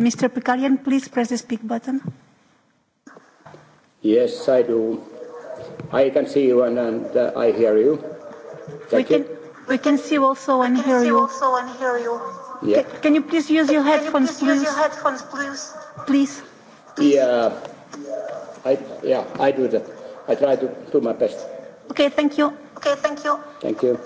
Mr. Pekarian, please press the speak button. Yes, I do. I can see you and, and uh, I hear you. we can we can see also and hear you. also and hear you. Can, you please use your headphones, please? please. Please. please. Yeah. I yeah I do that. I try to do my best. Okay, thank you. Okay, thank you. Thank you.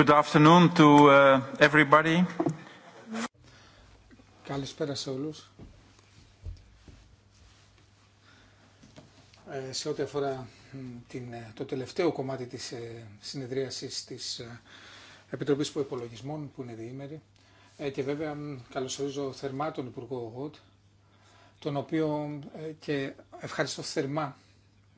Good afternoon to uh, everybody. Καλησπέρα σε όλους. Ε, σε ό,τι αφορά την, ε, το τελευταίο κομμάτι της ε, συνεδρίασης της Επιτροπής Προϋπολογισμών που είναι διήμερη και βέβαια καλωσορίζω θερμά τον Υπουργό ΟΓΟΤ τον οποίο και ευχαριστώ θερμά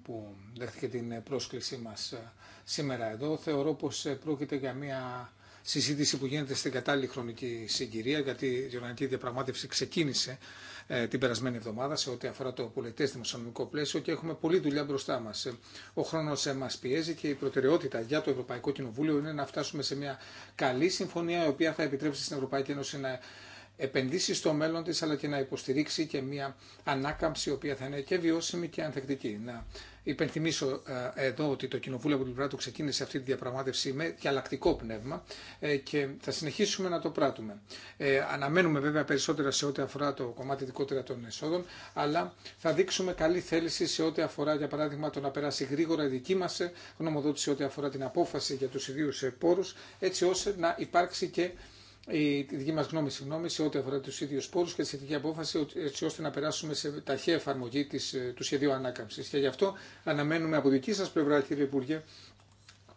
που δέχτηκε την πρόσκλησή μας ε, σήμερα εδώ. Θεωρώ πως ε, πρόκειται για μια συζήτηση που γίνεται στην κατάλληλη χρονική συγκυρία, γιατί η γερμανική διαπραγμάτευση ξεκίνησε ε, την περασμένη εβδομάδα σε ό,τι αφορά το πολιτές δημοσιονομικό πλαίσιο και έχουμε πολλή δουλειά μπροστά μας. Ο χρόνος μας πιέζει και η προτεραιότητα για το Ευρωπαϊκό Κοινοβούλιο είναι να φτάσουμε σε μια καλή συμφωνία η οποία θα επιτρέψει στην Ευρωπαϊκή Ένωση να επενδύσει στο μέλλον της αλλά και να υποστηρίξει και μια ανάκαμψη η οποία θα είναι και βιώσιμη και ανθεκτική. Να υπενθυμίσω ε, εδώ ότι το Κοινοβούλιο από την Πράτου ξεκίνησε αυτή τη διαπραγμάτευση με διαλλακτικό πνεύμα ε, και θα συνεχίσουμε να το πράττουμε. Ε, αναμένουμε βέβαια περισσότερα σε ό,τι αφορά το κομμάτι δικότερα των εσόδων, αλλά θα δείξουμε καλή θέληση σε ό,τι αφορά, για παράδειγμα, το να περάσει γρήγορα η δική μα γνωμοδότηση σε ό,τι αφορά την απόφαση για του ιδίου πόρου, έτσι ώστε να υπάρξει και η δική μας γνώμη συγγνώμη σε ό,τι αφορά τους ίδιους πόρους και τη σχετική απόφαση έτσι ώστε να περάσουμε σε ταχεία εφαρμογή της, ε, του σχεδίου ανάκαμψης. Και γι' αυτό αναμένουμε από δική σας πλευρά κύριε Υπουργέ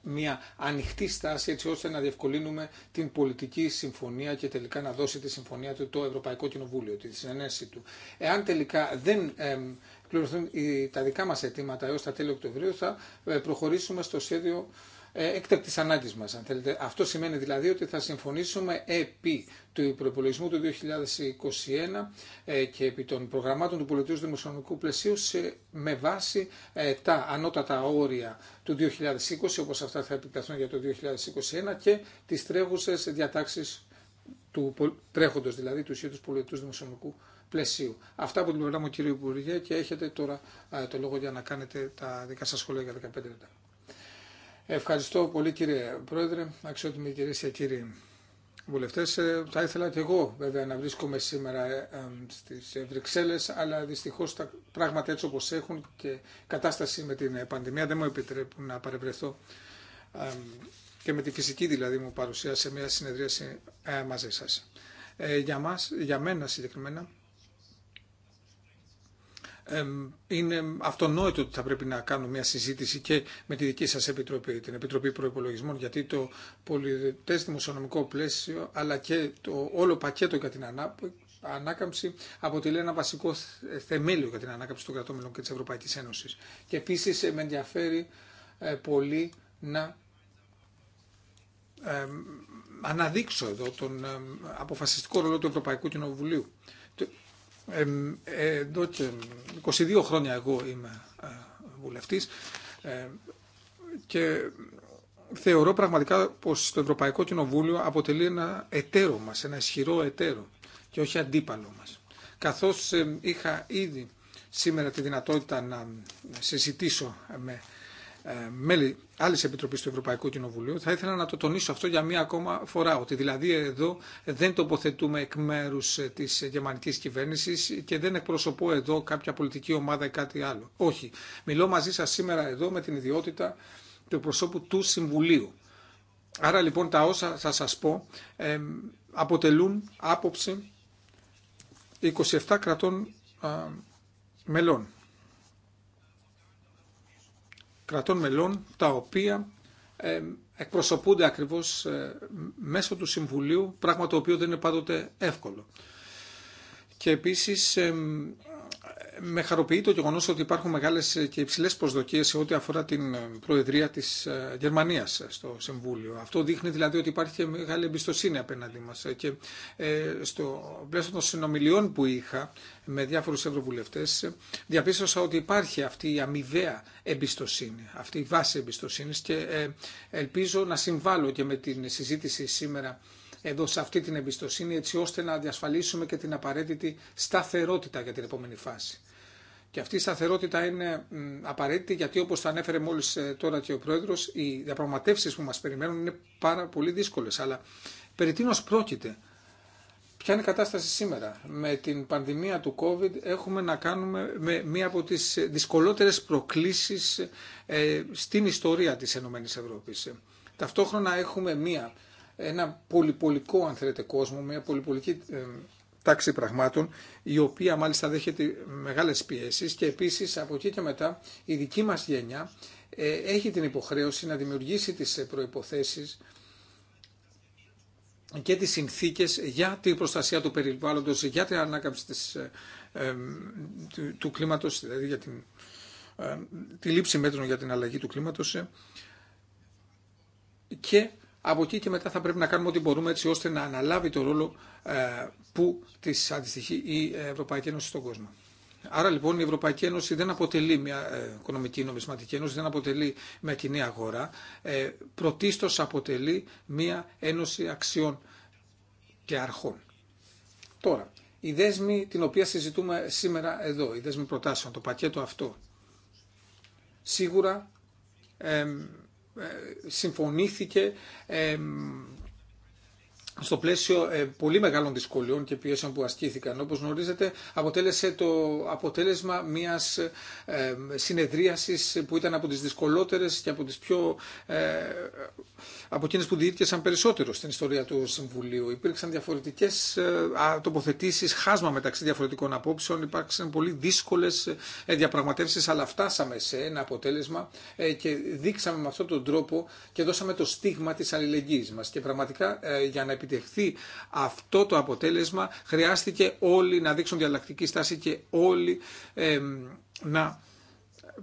μια ανοιχτή στάση έτσι ώστε να διευκολύνουμε την πολιτική συμφωνία και τελικά να δώσει τη συμφωνία του το Ευρωπαϊκό Κοινοβούλιο, τη συνενέση του. Εάν τελικά δεν εμ, πληρωθούν τα δικά μας αιτήματα έως τα τέλη Οκτωβρίου θα ε, προχωρήσουμε στο σχέδιο ε, έκτακτη ανάγκη μα, αν θέλετε. Αυτό σημαίνει δηλαδή ότι θα συμφωνήσουμε επί του προπολογισμού του 2021 ε, και επί των προγραμμάτων του πολιτικού δημοσιονομικού πλαισίου σε, με βάση ε, τα ανώτατα όρια του 2020, όπως αυτά θα επιταθούν για το 2021 και τις τρέχουσες διατάξεις του τρέχοντος δηλαδή του ισχύου του πολιτικού δημοσιονομικού πλαισίου. Αυτά από την πλευρά μου κύριε Υπουργέ και έχετε τώρα το λόγο για να κάνετε τα δικά σας σχολεία για 15 λεπτά. Ευχαριστώ πολύ κύριε Πρόεδρε, αξιότιμοι κυρίες και κύριοι βουλευτές. Ε, θα ήθελα και εγώ βέβαια να βρίσκομαι σήμερα ε, ε, στις Βρυξέλλες, αλλά δυστυχώς τα πράγματα έτσι όπως έχουν και κατάσταση με την πανδημία δεν μου επιτρέπουν να παρευρεθώ και με τη φυσική δηλαδή μου παρουσία σε μια συνεδρίαση μαζί σας. Για, μας, για μένα συγκεκριμένα είναι αυτονόητο ότι θα πρέπει να κάνουμε μια συζήτηση και με τη δική σας Επιτροπή, την Επιτροπή Προϋπολογισμών, γιατί το πολιτές δημοσιονομικό πλαίσιο, αλλά και το όλο πακέτο για την ανάκαμψη αποτελεί ένα βασικό θεμέλιο για την ανάκαμψη των κρατών και της Ευρωπαϊκής Ένωσης. Και επίσης ε, με ενδιαφέρει ε, πολύ να αναδείξω εδώ τον αποφασιστικό ρόλο του Ευρωπαϊκού Κοινοβουλίου εδώ ε, και 22 χρόνια εγώ είμαι ε, βουλευτής ε, και θεωρώ πραγματικά πως το Ευρωπαϊκό Κοινοβούλιο αποτελεί ένα εταίρο μας, ένα ισχυρό εταίρο και όχι αντίπαλο μας. Καθώς είχα ήδη σήμερα τη δυνατότητα να συζητήσω με ε, μέλη άλλη επιτροπή του Ευρωπαϊκού Κοινοβουλίου, θα ήθελα να το τονίσω αυτό για μία ακόμα φορά. Ότι δηλαδή εδώ δεν τοποθετούμε εκ μέρου ε, τη γερμανική κυβέρνηση και δεν εκπροσωπώ εδώ κάποια πολιτική ομάδα ή κάτι άλλο. Όχι. Μιλώ μαζί σα σήμερα εδώ με την ιδιότητα του προσώπου του Συμβουλίου. Άρα λοιπόν τα όσα θα σας πω ε, αποτελούν άποψη 27 κρατών μελών κρατών μελών τα οποία ε, εκπροσωπούνται ακριβώς ε, μέσω του Συμβουλίου, πράγμα το οποίο δεν είναι πάντοτε εύκολο. Και επίσης ε, με χαροποιεί το γεγονό ότι υπάρχουν μεγάλε και υψηλέ προσδοκίε σε ό,τι αφορά την Προεδρία τη ε, Γερμανία στο Συμβούλιο. Αυτό δείχνει δηλαδή ότι υπάρχει και μεγάλη εμπιστοσύνη απέναντί μα. Και ε, στο πλαίσιο των συνομιλιών που είχα με διάφορου ευρωβουλευτέ, διαπίστωσα ότι υπάρχει αυτή η αμοιβαία εμπιστοσύνη, αυτή η βάση εμπιστοσύνη και ε, ελπίζω να συμβάλλω και με την συζήτηση σήμερα εδώ σε αυτή την εμπιστοσύνη έτσι ώστε να διασφαλίσουμε και την απαραίτητη σταθερότητα για την επόμενη φάση. Και αυτή η σταθερότητα είναι απαραίτητη γιατί όπως το ανέφερε μόλις ε, τώρα και ο Πρόεδρος, οι διαπραγματεύσει που μας περιμένουν είναι πάρα πολύ δύσκολες. Αλλά περί τίνος πρόκειται. Ποια είναι η κατάσταση σήμερα. Με την πανδημία του COVID έχουμε να κάνουμε με μία από τις δυσκολότερες προκλήσεις ε, στην ιστορία της ΕΕ. Ταυτόχρονα έχουμε μία, ένα πολυπολικό αν θέλετε κόσμο, μία πολυπολική ε, τάξη πραγμάτων, η οποία μάλιστα δέχεται μεγάλες πιέσεις και επίσης από εκεί και μετά η δική μας γενιά ε, έχει την υποχρέωση να δημιουργήσει τις ε, προϋποθέσεις και τις συνθήκες για την προστασία του περιβάλλοντος, για την ανάκαμψη ε, του, του κλίματος, δηλαδή για την, τη λήψη μέτρων για την αλλαγή του κλίματος και από εκεί και μετά θα πρέπει να κάνουμε ό,τι μπορούμε έτσι ώστε να αναλάβει το ρόλο ε, που τη αντιστοιχεί η Ευρωπαϊκή Ένωση στον κόσμο. Άρα λοιπόν η Ευρωπαϊκή Ένωση δεν αποτελεί μια ε, οικονομική νομισματική ένωση, δεν αποτελεί μια κοινή αγορά. Ε, αποτελεί μια ένωση αξιών και αρχών. Τώρα, η δέσμη την οποία συζητούμε σήμερα εδώ, η δέσμη προτάσεων, το πακέτο αυτό, σίγουρα ε, συμφωνήθηκε ε, στο πλαίσιο ε, πολύ μεγάλων δυσκολιών και πιέσεων που ασκήθηκαν. Όπως γνωρίζετε, αποτέλεσε το αποτέλεσμα μιας ε, συνεδρίασης που ήταν από τις δυσκολότερες και από τις πιο... Ε, από εκείνες που διήρκεσαν περισσότερο στην ιστορία του Συμβουλίου. Υπήρξαν διαφορετικές τοποθετήσεις, χάσμα μεταξύ διαφορετικών απόψεων, υπάρξαν πολύ δύσκολες διαπραγματεύσεις, αλλά φτάσαμε σε ένα αποτέλεσμα και δείξαμε με αυτόν τον τρόπο και δώσαμε το στίγμα της αλληλεγγύης μας. Και πραγματικά για να επιτευχθεί αυτό το αποτέλεσμα χρειάστηκε όλοι να δείξουν διαλλακτική στάση και όλοι να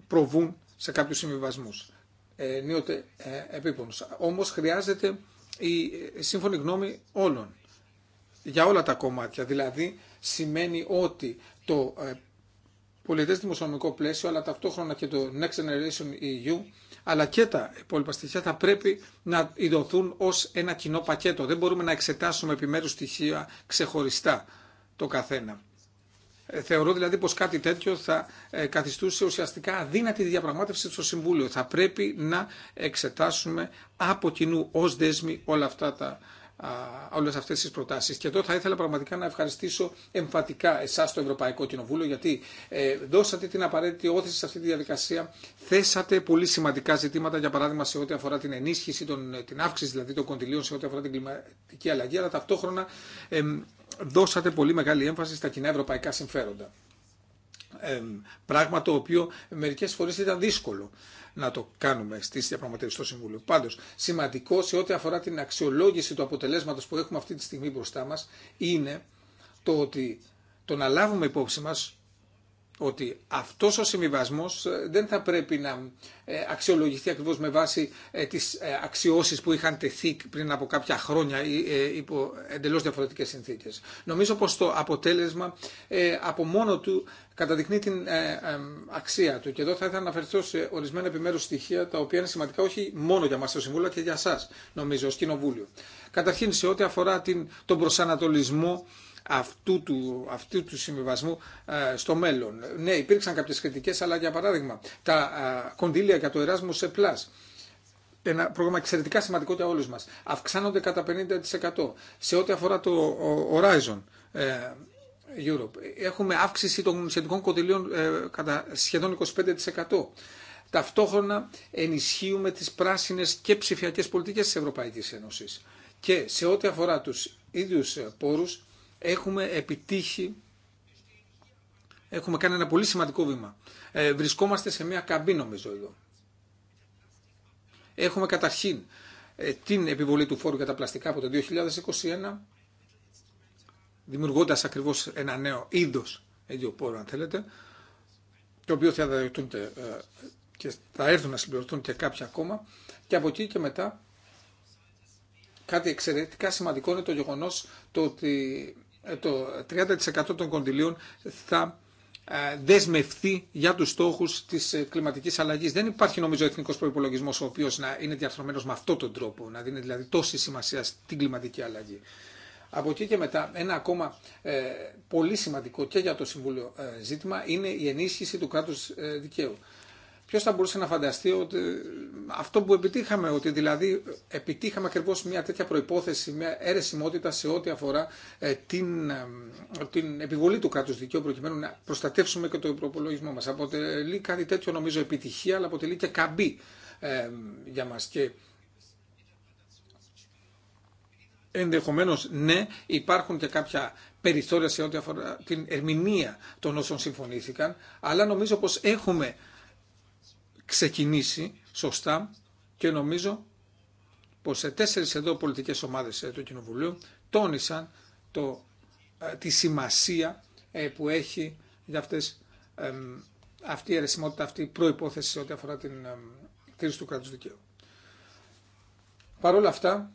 προβούν σε κάποιους συμβιβασμούς. Ε, νιώτε ε, επίπονος. Όμως χρειάζεται η σύμφωνη γνώμη όλων για όλα τα κομμάτια. Δηλαδή σημαίνει ότι το ε, πολιτές δημοσιονομικό πλαίσιο αλλά ταυτόχρονα και το Next Generation EU αλλά και τα υπόλοιπα στοιχεία θα πρέπει να ιδωθούν ως ένα κοινό πακέτο. Δεν μπορούμε να εξετάσουμε επιμέρους στοιχεία ξεχωριστά το καθένα. Ε, θεωρώ δηλαδή πως κάτι τέτοιο θα ε, καθιστούσε ουσιαστικά αδύνατη διαπραγμάτευση στο Συμβούλιο. Θα πρέπει να εξετάσουμε από κοινού ως δέσμη όλα αυτά τα Όλε αυτές τις προτάσεις. Και εδώ θα ήθελα πραγματικά να ευχαριστήσω εμφατικά εσά το Ευρωπαϊκό Κοινοβούλιο γιατί ε, δώσατε την απαραίτητη όθηση σε αυτή τη διαδικασία, θέσατε πολύ σημαντικά ζητήματα για παράδειγμα σε ό,τι αφορά την ενίσχυση, των, ε, την αύξηση δηλαδή των κοντιλίων σε ό,τι αφορά την κλιματική αλλαγή αλλά ταυτόχρονα δώσατε πολύ μεγάλη έμφαση στα κοινά ευρωπαϊκά συμφέροντα πράγμα το οποίο μερικές φορές ήταν δύσκολο να το κάνουμε στις διαπραγματεύσει στο Συμβούλιο. Πάντω, σημαντικό σε ό,τι αφορά την αξιολόγηση του αποτελέσματο που έχουμε αυτή τη στιγμή μπροστά μα είναι το ότι το να λάβουμε υπόψη μας ότι αυτός ο συμβιβασμό ε, δεν θα πρέπει να ε, αξιολογηθεί ακριβώς με βάση ε, τις αξιώσεις που είχαν τεθεί πριν από κάποια χρόνια υπό εντελώς διαφορετικές συνθήκες. Νομίζω πως το αποτέλεσμα από μόνο του καταδεικνύει την αξία του και εδώ θα ήθελα να αναφερθώ σε ορισμένα επιμέρους στοιχεία τα οποία είναι σημαντικά όχι μόνο για μας το Συμβούλιο αλλά και για σας νομίζω ως Κοινοβούλιο. Καταρχήν σε ό,τι αφορά τον προσανατολισμό αυτού του, αυτού του συμβιβασμού ε, στο μέλλον. Ναι, υπήρξαν κάποιες κριτικές, αλλά για παράδειγμα, τα ε, κονδύλια για το Erasmus Plus, ένα πρόγραμμα εξαιρετικά σημαντικό για όλους μας, αυξάνονται κατά 50%. Σε ό,τι αφορά το Horizon ε, Europe, έχουμε αύξηση των σχετικών κονδυλίων κατά σχεδόν 25%. Ταυτόχρονα ενισχύουμε τις πράσινες και ψηφιακές πολιτικές της Ευρωπαϊκής Ένωσης. Και σε ό,τι αφορά τους ίδιους πόρους, έχουμε επιτύχει, έχουμε κάνει ένα πολύ σημαντικό βήμα. Ε, βρισκόμαστε σε μια καμπή νομίζω εδώ. Έχουμε καταρχήν ε, την επιβολή του φόρου για τα πλαστικά από το 2021, δημιουργώντας ακριβώς ένα νέο είδος ιδιοπόρου αν θέλετε, το οποίο θα ε, θα έρθουν να συμπληρωθούν και κάποια ακόμα και από εκεί και μετά κάτι εξαιρετικά σημαντικό είναι το γεγονός το ότι ε, το 30% των κοντιλίων θα ε, δεσμευθεί για τους στόχους της ε, κλιματικής αλλαγής. Δεν υπάρχει νομίζω εθνικός προϋπολογισμός ο οποίος να είναι διαρθρωμένος με αυτόν τον τρόπο, να δίνει δηλαδή τόση σημασία στην κλιματική αλλαγή. Από εκεί και μετά ένα ακόμα πολύ σημαντικό και για το Συμβούλιο ζήτημα είναι η ενίσχυση του κράτους δικαίου. Ποιο θα μπορούσε να φανταστεί ότι αυτό που επιτύχαμε, ότι δηλαδή επιτύχαμε ακριβώ μια τέτοια προπόθεση, μια αίρεσιμότητα σε ό,τι αφορά ε, την, ε, την επιβολή του κράτου δικαίου, προκειμένου να προστατεύσουμε και το προπολογισμό μα. Αποτελεί κάτι τέτοιο νομίζω επιτυχία, αλλά αποτελεί και καμπή ε, για μα. Και ενδεχομένω ναι, υπάρχουν και κάποια περιθώρια σε ό,τι αφορά την ερμηνεία των όσων συμφωνήθηκαν, αλλά νομίζω πω έχουμε ξεκινήσει σωστά και νομίζω πως σε τέσσερις εδώ πολιτικές ομάδες ε, του Κοινοβουλίου τόνισαν το, ε, τη σημασία ε, που έχει για αυτές, αυτή η αιρεσιμότητα, αυτή η προϋπόθεση σε ό,τι αφορά την κρίση του κράτους δικαίου. Παρ' όλα αυτά,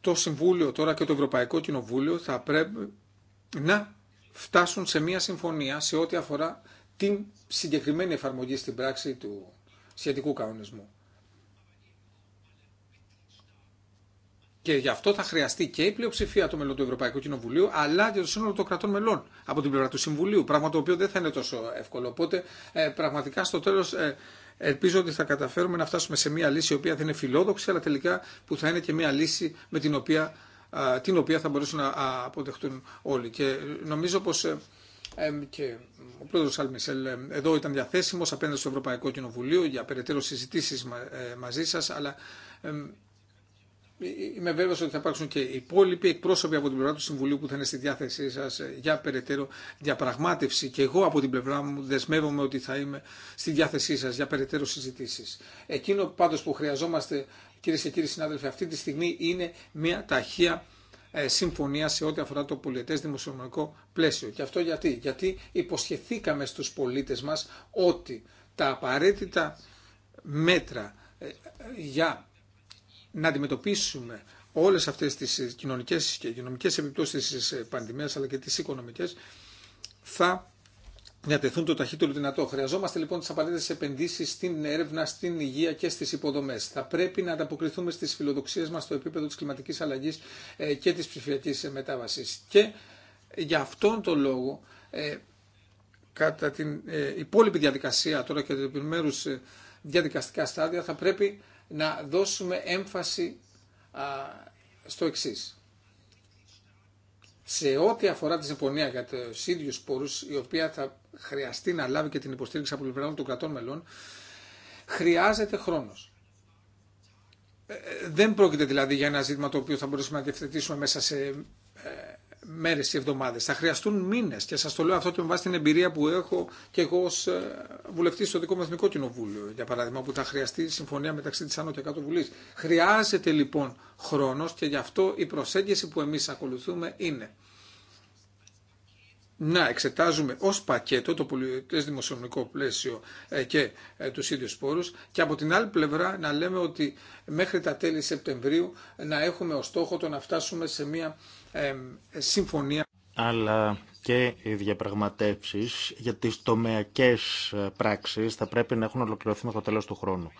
το Συμβούλιο τώρα και το Ευρωπαϊκό Κοινοβούλιο θα πρέπει να φτάσουν σε μια συμφωνία σε ό,τι αφορά την συγκεκριμένη εφαρμογή στην πράξη του σχετικού κανονισμού. Και γι' αυτό θα χρειαστεί και η πλειοψηφία των μελών του Ευρωπαϊκού Κοινοβουλίου, αλλά και το σύνολο των κρατών μελών από την πλευρά του Συμβουλίου. Πράγμα το οποίο δεν θα είναι τόσο εύκολο. Οπότε, ε, πραγματικά στο τέλο, ε, ελπίζω ότι θα καταφέρουμε να φτάσουμε σε μια λύση η οποία θα είναι φιλόδοξη, αλλά τελικά που θα είναι και μια λύση με την οποία, την οποία θα μπορέσουν να αποδεχτούν όλοι. Και ε, νομίζω πω και ο πρόεδρος Αλμισελ εδώ ήταν διαθέσιμος απέναντι στο Ευρωπαϊκό Κοινοβουλίο για περαιτέρω συζητήσεις ε, μαζί σας, αλλά ε, είμαι βέβαιος ότι θα υπάρξουν και οι υπόλοιποι εκπρόσωποι από την πλευρά του Συμβουλίου που θα είναι στη διάθεσή σα για περαιτέρω διαπραγμάτευση και εγώ από την πλευρά μου δεσμεύομαι ότι θα είμαι στη διάθεσή σα για περαιτέρω συζητήσει. Εκείνο πάντως που χρειαζόμαστε κυρίε και κύριοι συνάδελφοι αυτή τη στιγμή είναι μια ταχεία ε, συμφωνία σε ό,τι αφορά το πολιετές δημοσιονομικό πλαίσιο. Και αυτό γιατί. Γιατί υποσχεθήκαμε στους πολίτες μας ότι τα απαραίτητα μέτρα ε, για να αντιμετωπίσουμε όλες αυτές τις κοινωνικές και οικονομικές επιπτώσεις της ε, πανδημίας αλλά και τις οικονομικές θα να τεθούν το ταχύτερο δυνατό. Χρειαζόμαστε λοιπόν τι απαραίτητε επενδύσει στην έρευνα, στην υγεία και στι υποδομέ. Θα πρέπει να ανταποκριθούμε στι φιλοδοξίε μα στο επίπεδο τη κλιματική αλλαγή ε, και τη ψηφιακή ε, μετάβαση. Και για αυτόν τον λόγο, ε, κατά την υπόλοιπη διαδικασία τώρα και τα επιμέρου διαδικαστικά στάδια, θα πρέπει να δώσουμε έμφαση στο εξή σε ό,τι αφορά τη συμφωνία για του ίδιου πόρου, η οποία θα χρειαστεί να λάβει και την υποστήριξη από πλευρά των κρατών μελών, χρειάζεται χρόνο. Ε, ε, δεν πρόκειται δηλαδή για ένα ζήτημα το οποίο θα μπορούσαμε να διευθετήσουμε μέσα σε ε, μέρες ή εβδομάδες. Θα χρειαστούν μήνες και σας το λέω αυτό και με βάση την εμπειρία που έχω και εγώ ως ε, βουλευτής στο δικό μου Εθνικό Κοινοβούλιο, για παράδειγμα, που θα χρειαστεί συμφωνία μεταξύ της Άνω και Κάτω Βουλής. Χρειάζεται λοιπόν χρόνος και γι' αυτό η προσέγγιση που εμείς ακολουθούμε είναι να εξετάζουμε ως πακέτο το πολιτικές δημοσιονομικό πλαίσιο ε, και ε, τους ίδιους πόρους και από την άλλη πλευρά να λέμε ότι μέχρι τα τέλη Σεπτεμβρίου να έχουμε ως στόχο το να φτάσουμε σε μια συμφωνία. Αλλά και οι διαπραγματεύσει για τι τομεακέ ε, πράξει θα πρέπει να έχουν ολοκληρωθεί με το τέλο του χρόνου.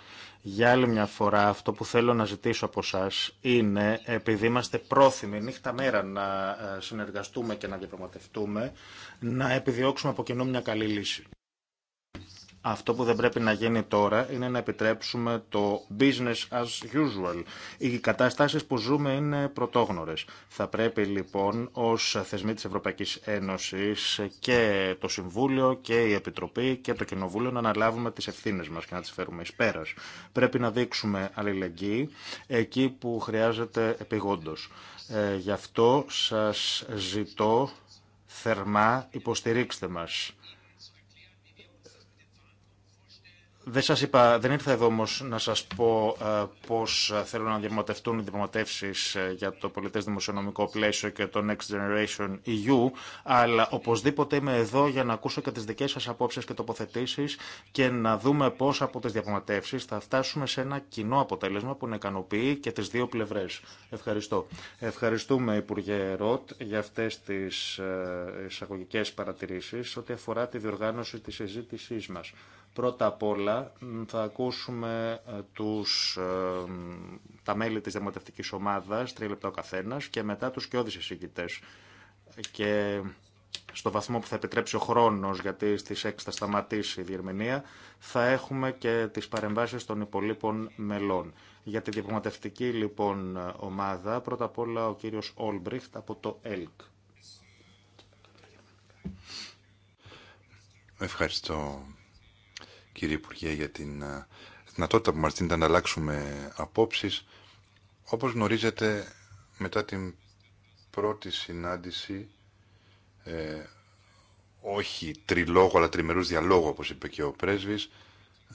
Για άλλη μια φορά, αυτό που θέλω να ζητήσω από εσά είναι, επειδή είμαστε πρόθυμοι νύχτα μέρα να ε, συνεργαστούμε και να διαπραγματευτούμε, να επιδιώξουμε από κοινό μια καλή λύση. Αυτό που δεν πρέπει να γίνει τώρα είναι να επιτρέψουμε το business as usual. Οι καταστάσεις που ζούμε είναι πρωτόγνωρες. Θα πρέπει λοιπόν ως θεσμοί της Ευρωπαϊκής Ένωσης και το Συμβούλιο και η Επιτροπή και το Κοινοβούλιο να αναλάβουμε τις ευθύνες μας και να τις φέρουμε εις πέρας. Πρέπει να δείξουμε αλληλεγγύη εκεί που χρειάζεται επιγόντως. Ε, γι' αυτό σας ζητώ θερμά υποστηρίξτε μας Δεν σας είπα, δεν ήρθα εδώ όμω να σας πω ε, πώς θέλουν να διαπραγματευτούν οι διαπραγματεύσεις ε, για το πολιτές δημοσιονομικό πλαίσιο και το Next Generation EU, αλλά οπωσδήποτε είμαι εδώ για να ακούσω και τις δικές σας απόψεις και τοποθετήσεις και να δούμε πώς από τις διαπραγματεύσεις θα φτάσουμε σε ένα κοινό αποτέλεσμα που να ικανοποιεί και τις δύο πλευρές. Ευχαριστώ. Ευχαριστούμε Υπουργέ Ροτ για αυτές τις ε, εισαγωγικές παρατηρήσεις ό,τι αφορά τη διοργάνωση της συζήτησή μας. Πρώτα απ' όλα θα ακούσουμε ε, τους, ε, τα μέλη της δημοτευτικής ομάδας, τρία λεπτά ο καθένας, και μετά τους κοιόδης εισηγητές. Και στο βαθμό που θα επιτρέψει ο χρόνος, γιατί στις 6 θα σταματήσει η διερμηνία, θα έχουμε και τις παρεμβάσεις των υπολείπων μελών. Για τη διαπραγματευτική λοιπόν ομάδα, πρώτα απ' όλα ο κύριος Όλμπριχτ από το ΕΛΚ. Ευχαριστώ κύριε Υπουργέ, για την ε, δυνατότητα που μας δίνεται να αλλάξουμε απόψεις. Όπως γνωρίζετε, μετά την πρώτη συνάντηση, ε, όχι τριλόγο αλλά τριμερούς διαλόγου, όπως είπε και ο πρέσβης,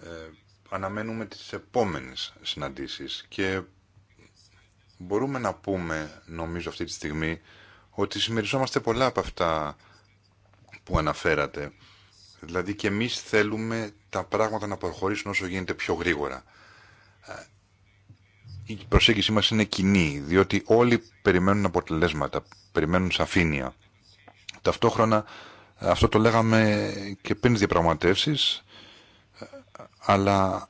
ε, αναμένουμε τις επόμενες συναντήσεις και μπορούμε να πούμε, νομίζω αυτή τη στιγμή, ότι συμμεριζόμαστε πολλά από αυτά που αναφέρατε. Δηλαδή και εμείς θέλουμε τα πράγματα να προχωρήσουν όσο γίνεται πιο γρήγορα. Ε, η προσέγγιση μας είναι κοινή, διότι όλοι περιμένουν αποτελέσματα, περιμένουν σαφήνεια. Ταυτόχρονα, αυτό το λέγαμε και πριν τις διαπραγματεύσεις, ε, αλλά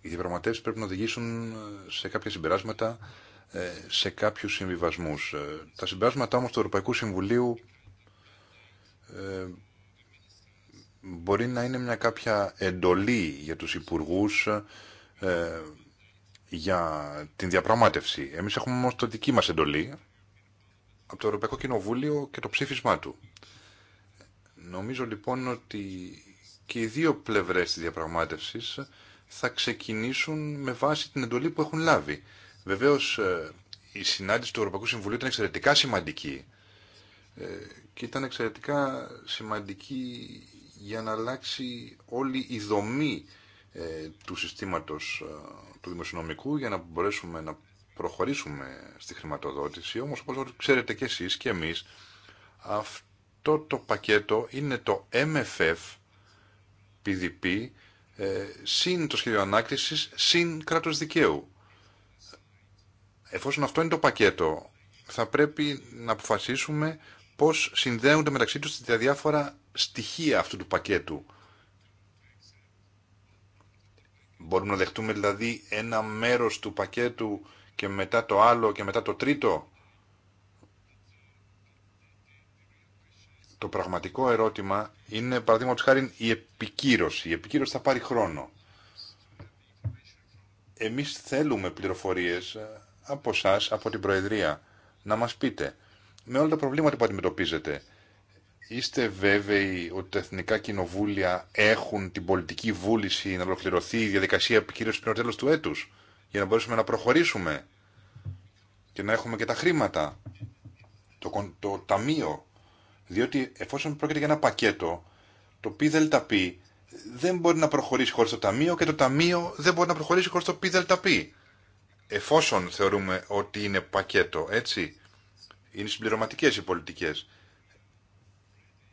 οι διαπραγματεύσεις πρέπει να οδηγήσουν ε, σε κάποια συμπεράσματα, σε κάποιους συμβιβασμούς. Τα συμπεράσματα όμως του Ευρωπαϊκού Συμβουλίου μπορεί να είναι μια κάποια εντολή για τους υπουργούς ε, για την διαπραγμάτευση. Εμείς έχουμε όμως το δική μας εντολή από το Ευρωπαϊκό Κοινοβούλιο και το ψήφισμά του. Νομίζω λοιπόν ότι και οι δύο πλευρές της διαπραγμάτευσης θα ξεκινήσουν με βάση την εντολή που έχουν λάβει. Βεβαίως ε, η συνάντηση του Ευρωπαϊκού Συμβουλίου ήταν εξαιρετικά σημαντική ε, και ήταν εξαιρετικά σημαντική για να αλλάξει όλη η δομή ε, του συστήματος ε, του δημοσιονομικού για να μπορέσουμε να προχωρήσουμε στη χρηματοδότηση. Όμως, όπως ξέρετε και εσείς και εμείς, αυτό το πακέτο είναι το MFF PDP ε, συν το σχέδιο ανάκρισης, συν κράτος δικαίου. Εφόσον αυτό είναι το πακέτο, θα πρέπει να αποφασίσουμε πώς συνδέονται μεταξύ τους τα διάφορα στοιχεία αυτού του πακέτου. Μπορούμε να δεχτούμε δηλαδή ένα μέρος του πακέτου και μετά το άλλο και μετά το τρίτο. Το πραγματικό ερώτημα είναι, παραδείγματος χάρη, η επικύρωση. Η επικύρωση θα πάρει χρόνο. Εμείς θέλουμε πληροφορίες ε, από σας από την Προεδρία, να μας πείτε με όλα τα προβλήματα που αντιμετωπίζετε Είστε βέβαιοι ότι τα εθνικά κοινοβούλια έχουν την πολιτική βούληση να ολοκληρωθεί η διαδικασία επικύρωση πριν το τέλο του έτου, για να μπορέσουμε να προχωρήσουμε και να έχουμε και τα χρήματα, το, το ταμείο. Διότι εφόσον πρόκειται για ένα πακέτο, το ΠΔΠ δεν μπορεί να προχωρήσει χωρί το ταμείο και το ταμείο δεν μπορεί να προχωρήσει χωρί το ΠΔΠ. Εφόσον θεωρούμε ότι είναι πακέτο, έτσι. Είναι συμπληρωματικέ οι πολιτικέ.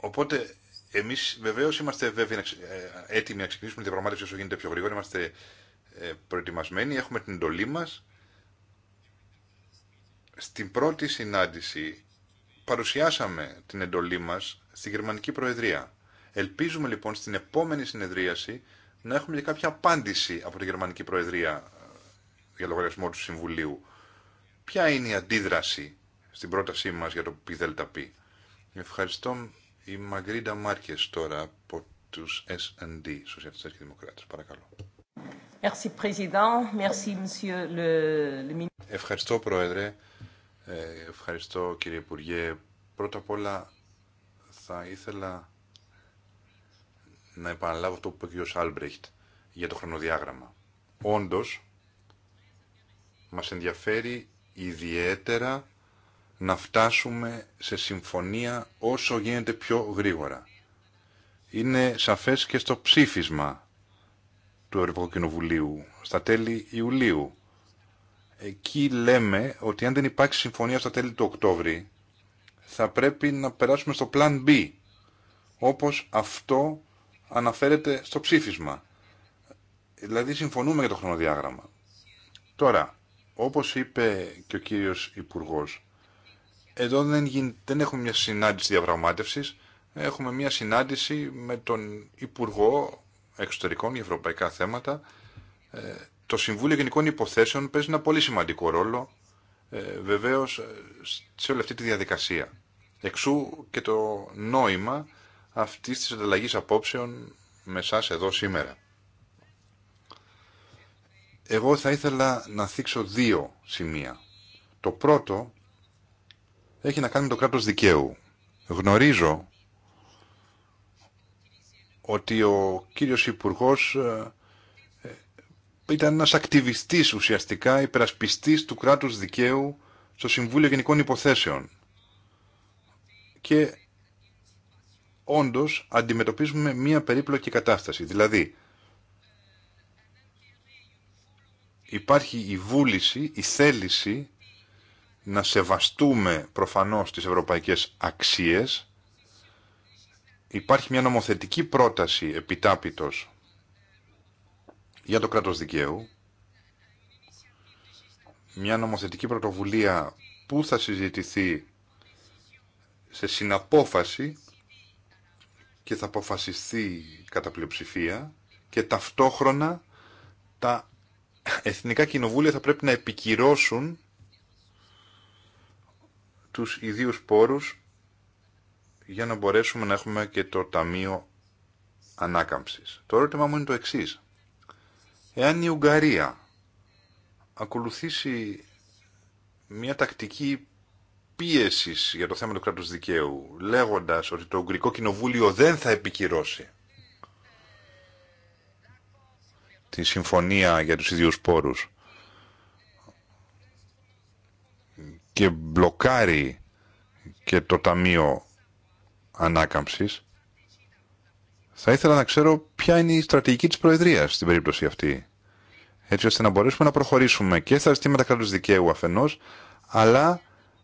Οπότε εμεί βεβαίω είμαστε ε, έτοιμοι να ξεκινήσουμε τη διαπραγμάτευση όσο γίνεται πιο γρήγορα. Είμαστε ε, προετοιμασμένοι, έχουμε την εντολή μα. Στην πρώτη συνάντηση παρουσιάσαμε την εντολή μα στη Γερμανική Προεδρία. Ελπίζουμε λοιπόν στην επόμενη συνεδρίαση να έχουμε και κάποια απάντηση από τη Γερμανική Προεδρία ε, για λογαριασμό του Συμβουλίου. Ποια είναι η αντίδραση στην πρότασή μας για το πι Ευχαριστώ η Μαγκρίντα Μάρκε τώρα από του S&D, Σοσιαλιστέ και Δημοκράτε. Παρακαλώ. Ευχαριστώ Πρόεδρε, ε, ευχαριστώ κύριε Υπουργέ. Πρώτα απ' όλα θα ήθελα να επαναλάβω αυτό που είπε ο κ. Σάλμπρεχτ για το χρονοδιάγραμμα. Όντω, μα ενδιαφέρει ιδιαίτερα να φτάσουμε σε συμφωνία όσο γίνεται πιο γρήγορα. Είναι σαφές και στο ψήφισμα του Ευρωπαϊκού στα τέλη Ιουλίου. Εκεί λέμε ότι αν δεν υπάρχει συμφωνία στα τέλη του Οκτώβρη θα πρέπει να περάσουμε στο Plan B όπως αυτό αναφέρεται στο ψήφισμα. Δηλαδή συμφωνούμε για το χρονοδιάγραμμα. Τώρα, όπως είπε και ο κύριος Υπουργός, εδώ δεν, δεν έχουμε μια συνάντηση διαπραγμάτευσης, έχουμε μια συνάντηση με τον Υπουργό Εξωτερικών για Ευρωπαϊκά Θέματα. Ε, το Συμβούλιο Γενικών Υποθέσεων παίζει ένα πολύ σημαντικό ρόλο, ε, βεβαίως, ε, σε όλη αυτή τη διαδικασία. Εξού και το νόημα αυτής της ανταλλαγής απόψεων με σας εδώ σήμερα. Εγώ θα ήθελα να θίξω δύο σημεία. Το πρώτο έχει να κάνει με το κράτος δικαίου. Γνωρίζω ότι ο κύριος Υπουργός ε, ήταν ένας ακτιβιστής ουσιαστικά, υπερασπιστής του κράτους δικαίου στο Συμβούλιο Γενικών Υποθέσεων. Και όντως αντιμετωπίζουμε μία περίπλοκη κατάσταση. Δηλαδή, υπάρχει η βούληση, η θέληση να σεβαστούμε προφανώς τις ευρωπαϊκές αξίες. Υπάρχει μια νομοθετική πρόταση επιτάπητος για το κράτος δικαίου, μια νομοθετική πρωτοβουλία που θα συζητηθεί σε συναπόφαση και θα αποφασιστεί κατά πλειοψηφία και ταυτόχρονα τα εθνικά κοινοβούλια θα πρέπει να επικυρώσουν τους ιδίους πόρους για να μπορέσουμε να έχουμε και το Ταμείο Ανάκαμψης. Το ερώτημα μου είναι το εξής. Εάν η Ουγγαρία ακολουθήσει μια τακτική πίεσης για το θέμα του κράτους δικαίου, λέγοντας ότι το Ουγγρικό Κοινοβούλιο δεν θα επικυρώσει τη συμφωνία για τους ιδίους πόρους, και μπλοκάρει και το Ταμείο Ανάκαμψης. Θα ήθελα να ξέρω ποια είναι η στρατηγική της Προεδρίας στην περίπτωση αυτή. Έτσι ώστε να μπορέσουμε να προχωρήσουμε και στα ζητήματα κράτους δικαίου αφενός, αλλά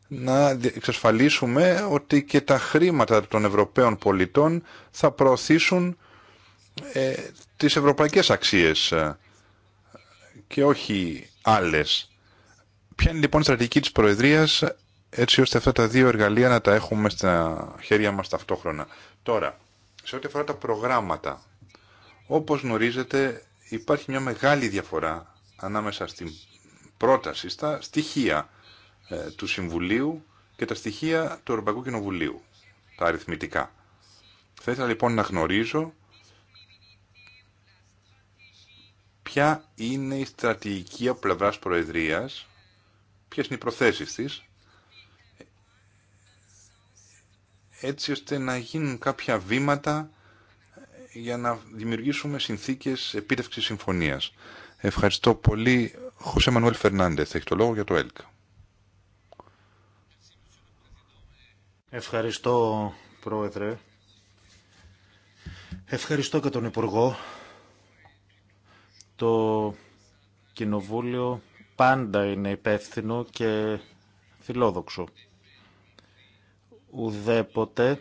να εξασφαλίσουμε ότι και τα χρήματα των Ευρωπαίων πολιτών θα προωθήσουν ε, τις ευρωπαϊκές αξίες ε, και όχι άλλες Ποια είναι λοιπόν η στρατηγική της Προεδρίας έτσι ώστε αυτά τα δύο εργαλεία να τα έχουμε στα χέρια μας ταυτόχρονα. Τώρα, σε ό,τι αφορά τα προγράμματα, όπως γνωρίζετε υπάρχει μια μεγάλη διαφορά ανάμεσα στην πρόταση, στα στοιχεία ε, του Συμβουλίου και τα στοιχεία του Ευρωπαϊκού Κοινοβουλίου, τα αριθμητικά. Θα ήθελα λοιπόν να γνωρίζω ποια είναι η στρατηγική από πλευράς Προεδρίας ποιες είναι οι προθέσεις της, έτσι ώστε να γίνουν κάποια βήματα για να δημιουργήσουμε συνθήκες επίτευξης συμφωνίας. Ευχαριστώ πολύ. Χωσέ Μανουέλ Φερνάντες έχει το λόγο για το ΕΛΚ. Ευχαριστώ, Πρόεδρε. Ευχαριστώ και τον Υπουργό. Το Κοινοβούλιο πάντα είναι υπεύθυνο και φιλόδοξο. Ουδέποτε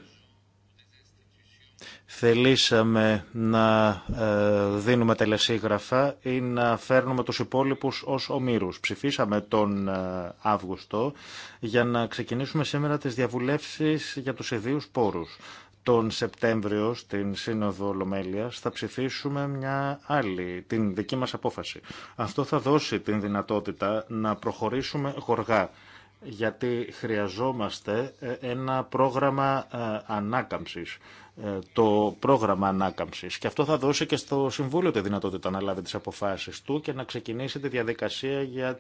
θελήσαμε να ε, δίνουμε τελεσίγραφα ή να φέρνουμε τους υπόλοιπους ως ομήρους. Ψηφίσαμε τον ε, Αύγουστο για να ξεκινήσουμε σήμερα τις διαβουλεύσεις για τους ιδίους πόρους τον Σεπτέμβριο στην Σύνοδο Λομέλειας, θα ψηφίσουμε μια άλλη, την δική μας απόφαση. Αυτό θα δώσει την δυνατότητα να προχωρήσουμε γοργά γιατί χρειαζόμαστε ε, ένα πρόγραμμα ε, ανάκαμψης ε, το πρόγραμμα ανάκαμψης και αυτό θα δώσει και στο Συμβούλιο τη δυνατότητα να λάβει τις αποφάσεις του και να ξεκινήσει τη διαδικασία για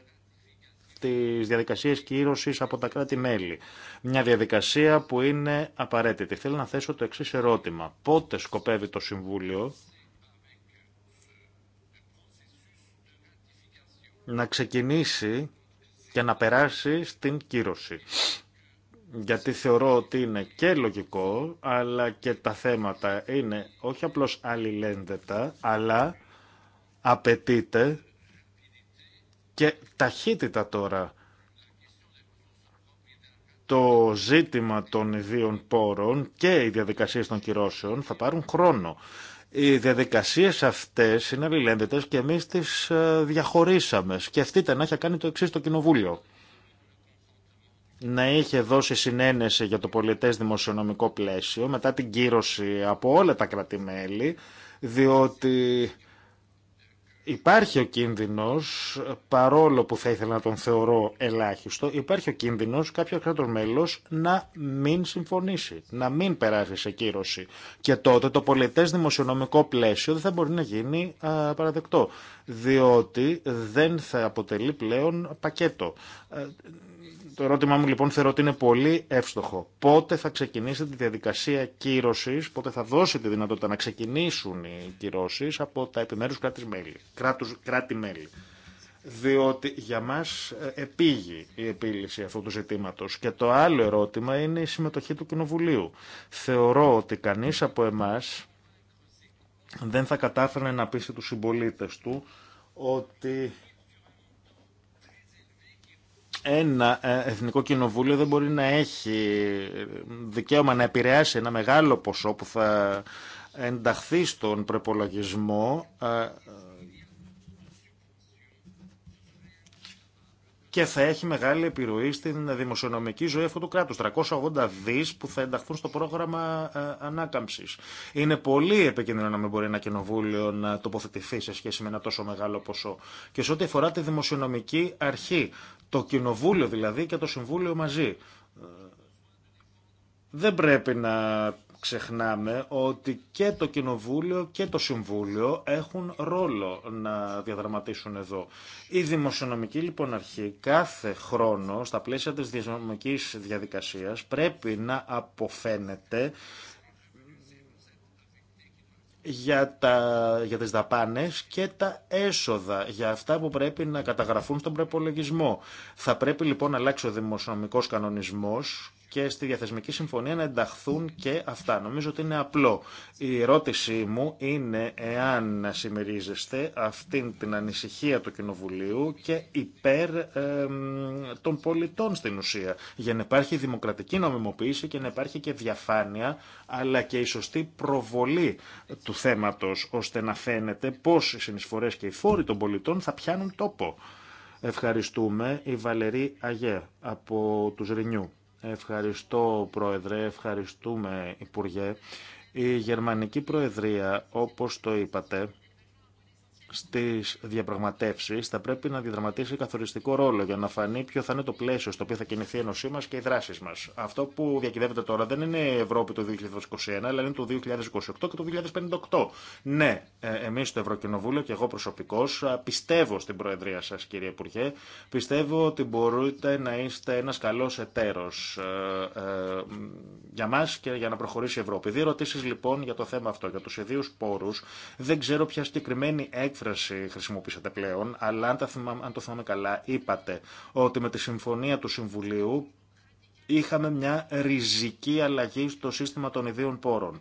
τις διαδικασίες κύρωσης από τα κράτη-μέλη. Μια διαδικασία που είναι απαραίτητη. Θέλω να θέσω το εξής ερώτημα. Πότε σκοπεύει το Συμβούλιο να ξεκινήσει και να περάσει στην κύρωση. Γιατί θεωρώ ότι είναι και λογικό, αλλά και τα θέματα είναι όχι απλώς αλληλένδετα, αλλά απαιτείται και ταχύτητα τώρα το ζήτημα των ιδίων πόρων και οι διαδικασίες των κυρώσεων θα πάρουν χρόνο. Οι διαδικασίες αυτές είναι αλληλένδετες και εμείς τις ε, διαχωρίσαμε. Σκεφτείτε να είχε κάνει το εξής το Κοινοβούλιο. Να είχε δώσει συνένεση για το πολιτές δημοσιονομικό πλαίσιο μετά την κύρωση από όλα τα κρατημέλη, διότι Υπάρχει ο κίνδυνος, παρόλο που θα ήθελα να τον θεωρώ ελάχιστο, υπάρχει ο κίνδυνος κάποιο κράτος μέλος να μην συμφωνήσει, να μην περάσει σε κύρωση. Και τότε το πολιτές δημοσιονομικό πλαίσιο δεν θα μπορεί να γίνει παραδεκτό, διότι δεν θα αποτελεί πλέον πακέτο. Ε, το ερώτημά μου λοιπόν θεωρώ ότι είναι πολύ εύστοχο. Πότε θα ξεκινήσετε τη διαδικασία κύρωση, πότε θα δώσετε τη δυνατότητα να ξεκινήσουν οι κυρώσει από τα επιμέρου κράτη-μέλη. Διότι για μα ε, επήγει η επίλυση αυτού του ζητήματο. Και το άλλο ερώτημα είναι η συμμετοχή του Κοινοβουλίου. Θεωρώ ότι κανεί από εμά δεν θα κατάφερε να πείσει του συμπολίτε του ότι ένα ε, εθνικό κοινοβούλιο δεν μπορεί να έχει ε, δικαίωμα να επηρεάσει ένα μεγάλο ποσό που θα ενταχθεί στον προπολογισμό ε, και θα έχει μεγάλη επιρροή στην δημοσιονομική ζωή αυτού του κράτους. 380 δις που θα ενταχθούν στο πρόγραμμα ανάκαμψης. Είναι πολύ επικίνδυνο να μην μπορεί ένα κοινοβούλιο να τοποθετηθεί σε σχέση με ένα τόσο μεγάλο ποσό. Και σε ό,τι αφορά τη δημοσιονομική αρχή, το Κοινοβούλιο δηλαδή και το Συμβούλιο μαζί. Δεν πρέπει να ξεχνάμε ότι και το Κοινοβούλιο και το Συμβούλιο έχουν ρόλο να διαδραματίσουν εδώ. Η Δημοσιονομική λοιπόν αρχή κάθε χρόνο στα πλαίσια της δημοσιονομικής διαδικασίας πρέπει να αποφαίνεται για, τα, για τις δαπάνες και τα έσοδα, για αυτά που πρέπει να καταγραφούν στον προπολογισμό. Θα πρέπει λοιπόν να αλλάξει ο δημοσιονομικός κανονισμός και στη διαθεσμική συμφωνία να ενταχθούν και αυτά. Νομίζω ότι είναι απλό. Η ερώτησή μου είναι εάν να συμμερίζεστε αυτήν την ανησυχία του Κοινοβουλίου και υπέρ των πολιτών στην ουσία. Για να υπάρχει δημοκρατική νομιμοποίηση και να υπάρχει και διαφάνεια αλλά και η σωστή προβολή του θέματος ώστε να φαίνεται πώς οι συνεισφορές και οι φόροι των πολιτών θα πιάνουν τόπο. Ευχαριστούμε η Βαλερή Αγέ από τους Ρινιού. Ευχαριστώ Πρόεδρε, ευχαριστούμε Υπουργέ. Η Γερμανική Προεδρία, όπως το είπατε, στι διαπραγματεύσει θα πρέπει να διαδραματίσει καθοριστικό ρόλο για να φανεί ποιο θα είναι το πλαίσιο στο οποίο θα κινηθεί η Ένωσή μα και οι δράσει μα. Αυτό που διακυδεύεται τώρα δεν είναι η Ευρώπη το 2021, αλλά είναι το 2028 και το 2058. Ναι, ε, εμεί στο Ευρωκοινοβούλιο και εγώ προσωπικώ πιστεύω στην Προεδρία σα, κύριε Υπουργέ. Πιστεύω ότι μπορείτε να είστε ένα καλό εταίρο ε, ε, για μα και για να προχωρήσει η Ευρώπη. Δύο ερωτήσει λοιπόν για το θέμα αυτό, για του ιδίου πόρου. Δεν ξέρω ποια συγκεκριμένη έκθεση έκφραση χρησιμοποίησατε πλέον, αλλά αν, τα αν το θυμάμαι καλά, είπατε ότι με τη συμφωνία του Συμβουλίου είχαμε μια ριζική αλλαγή στο σύστημα των ιδίων πόρων.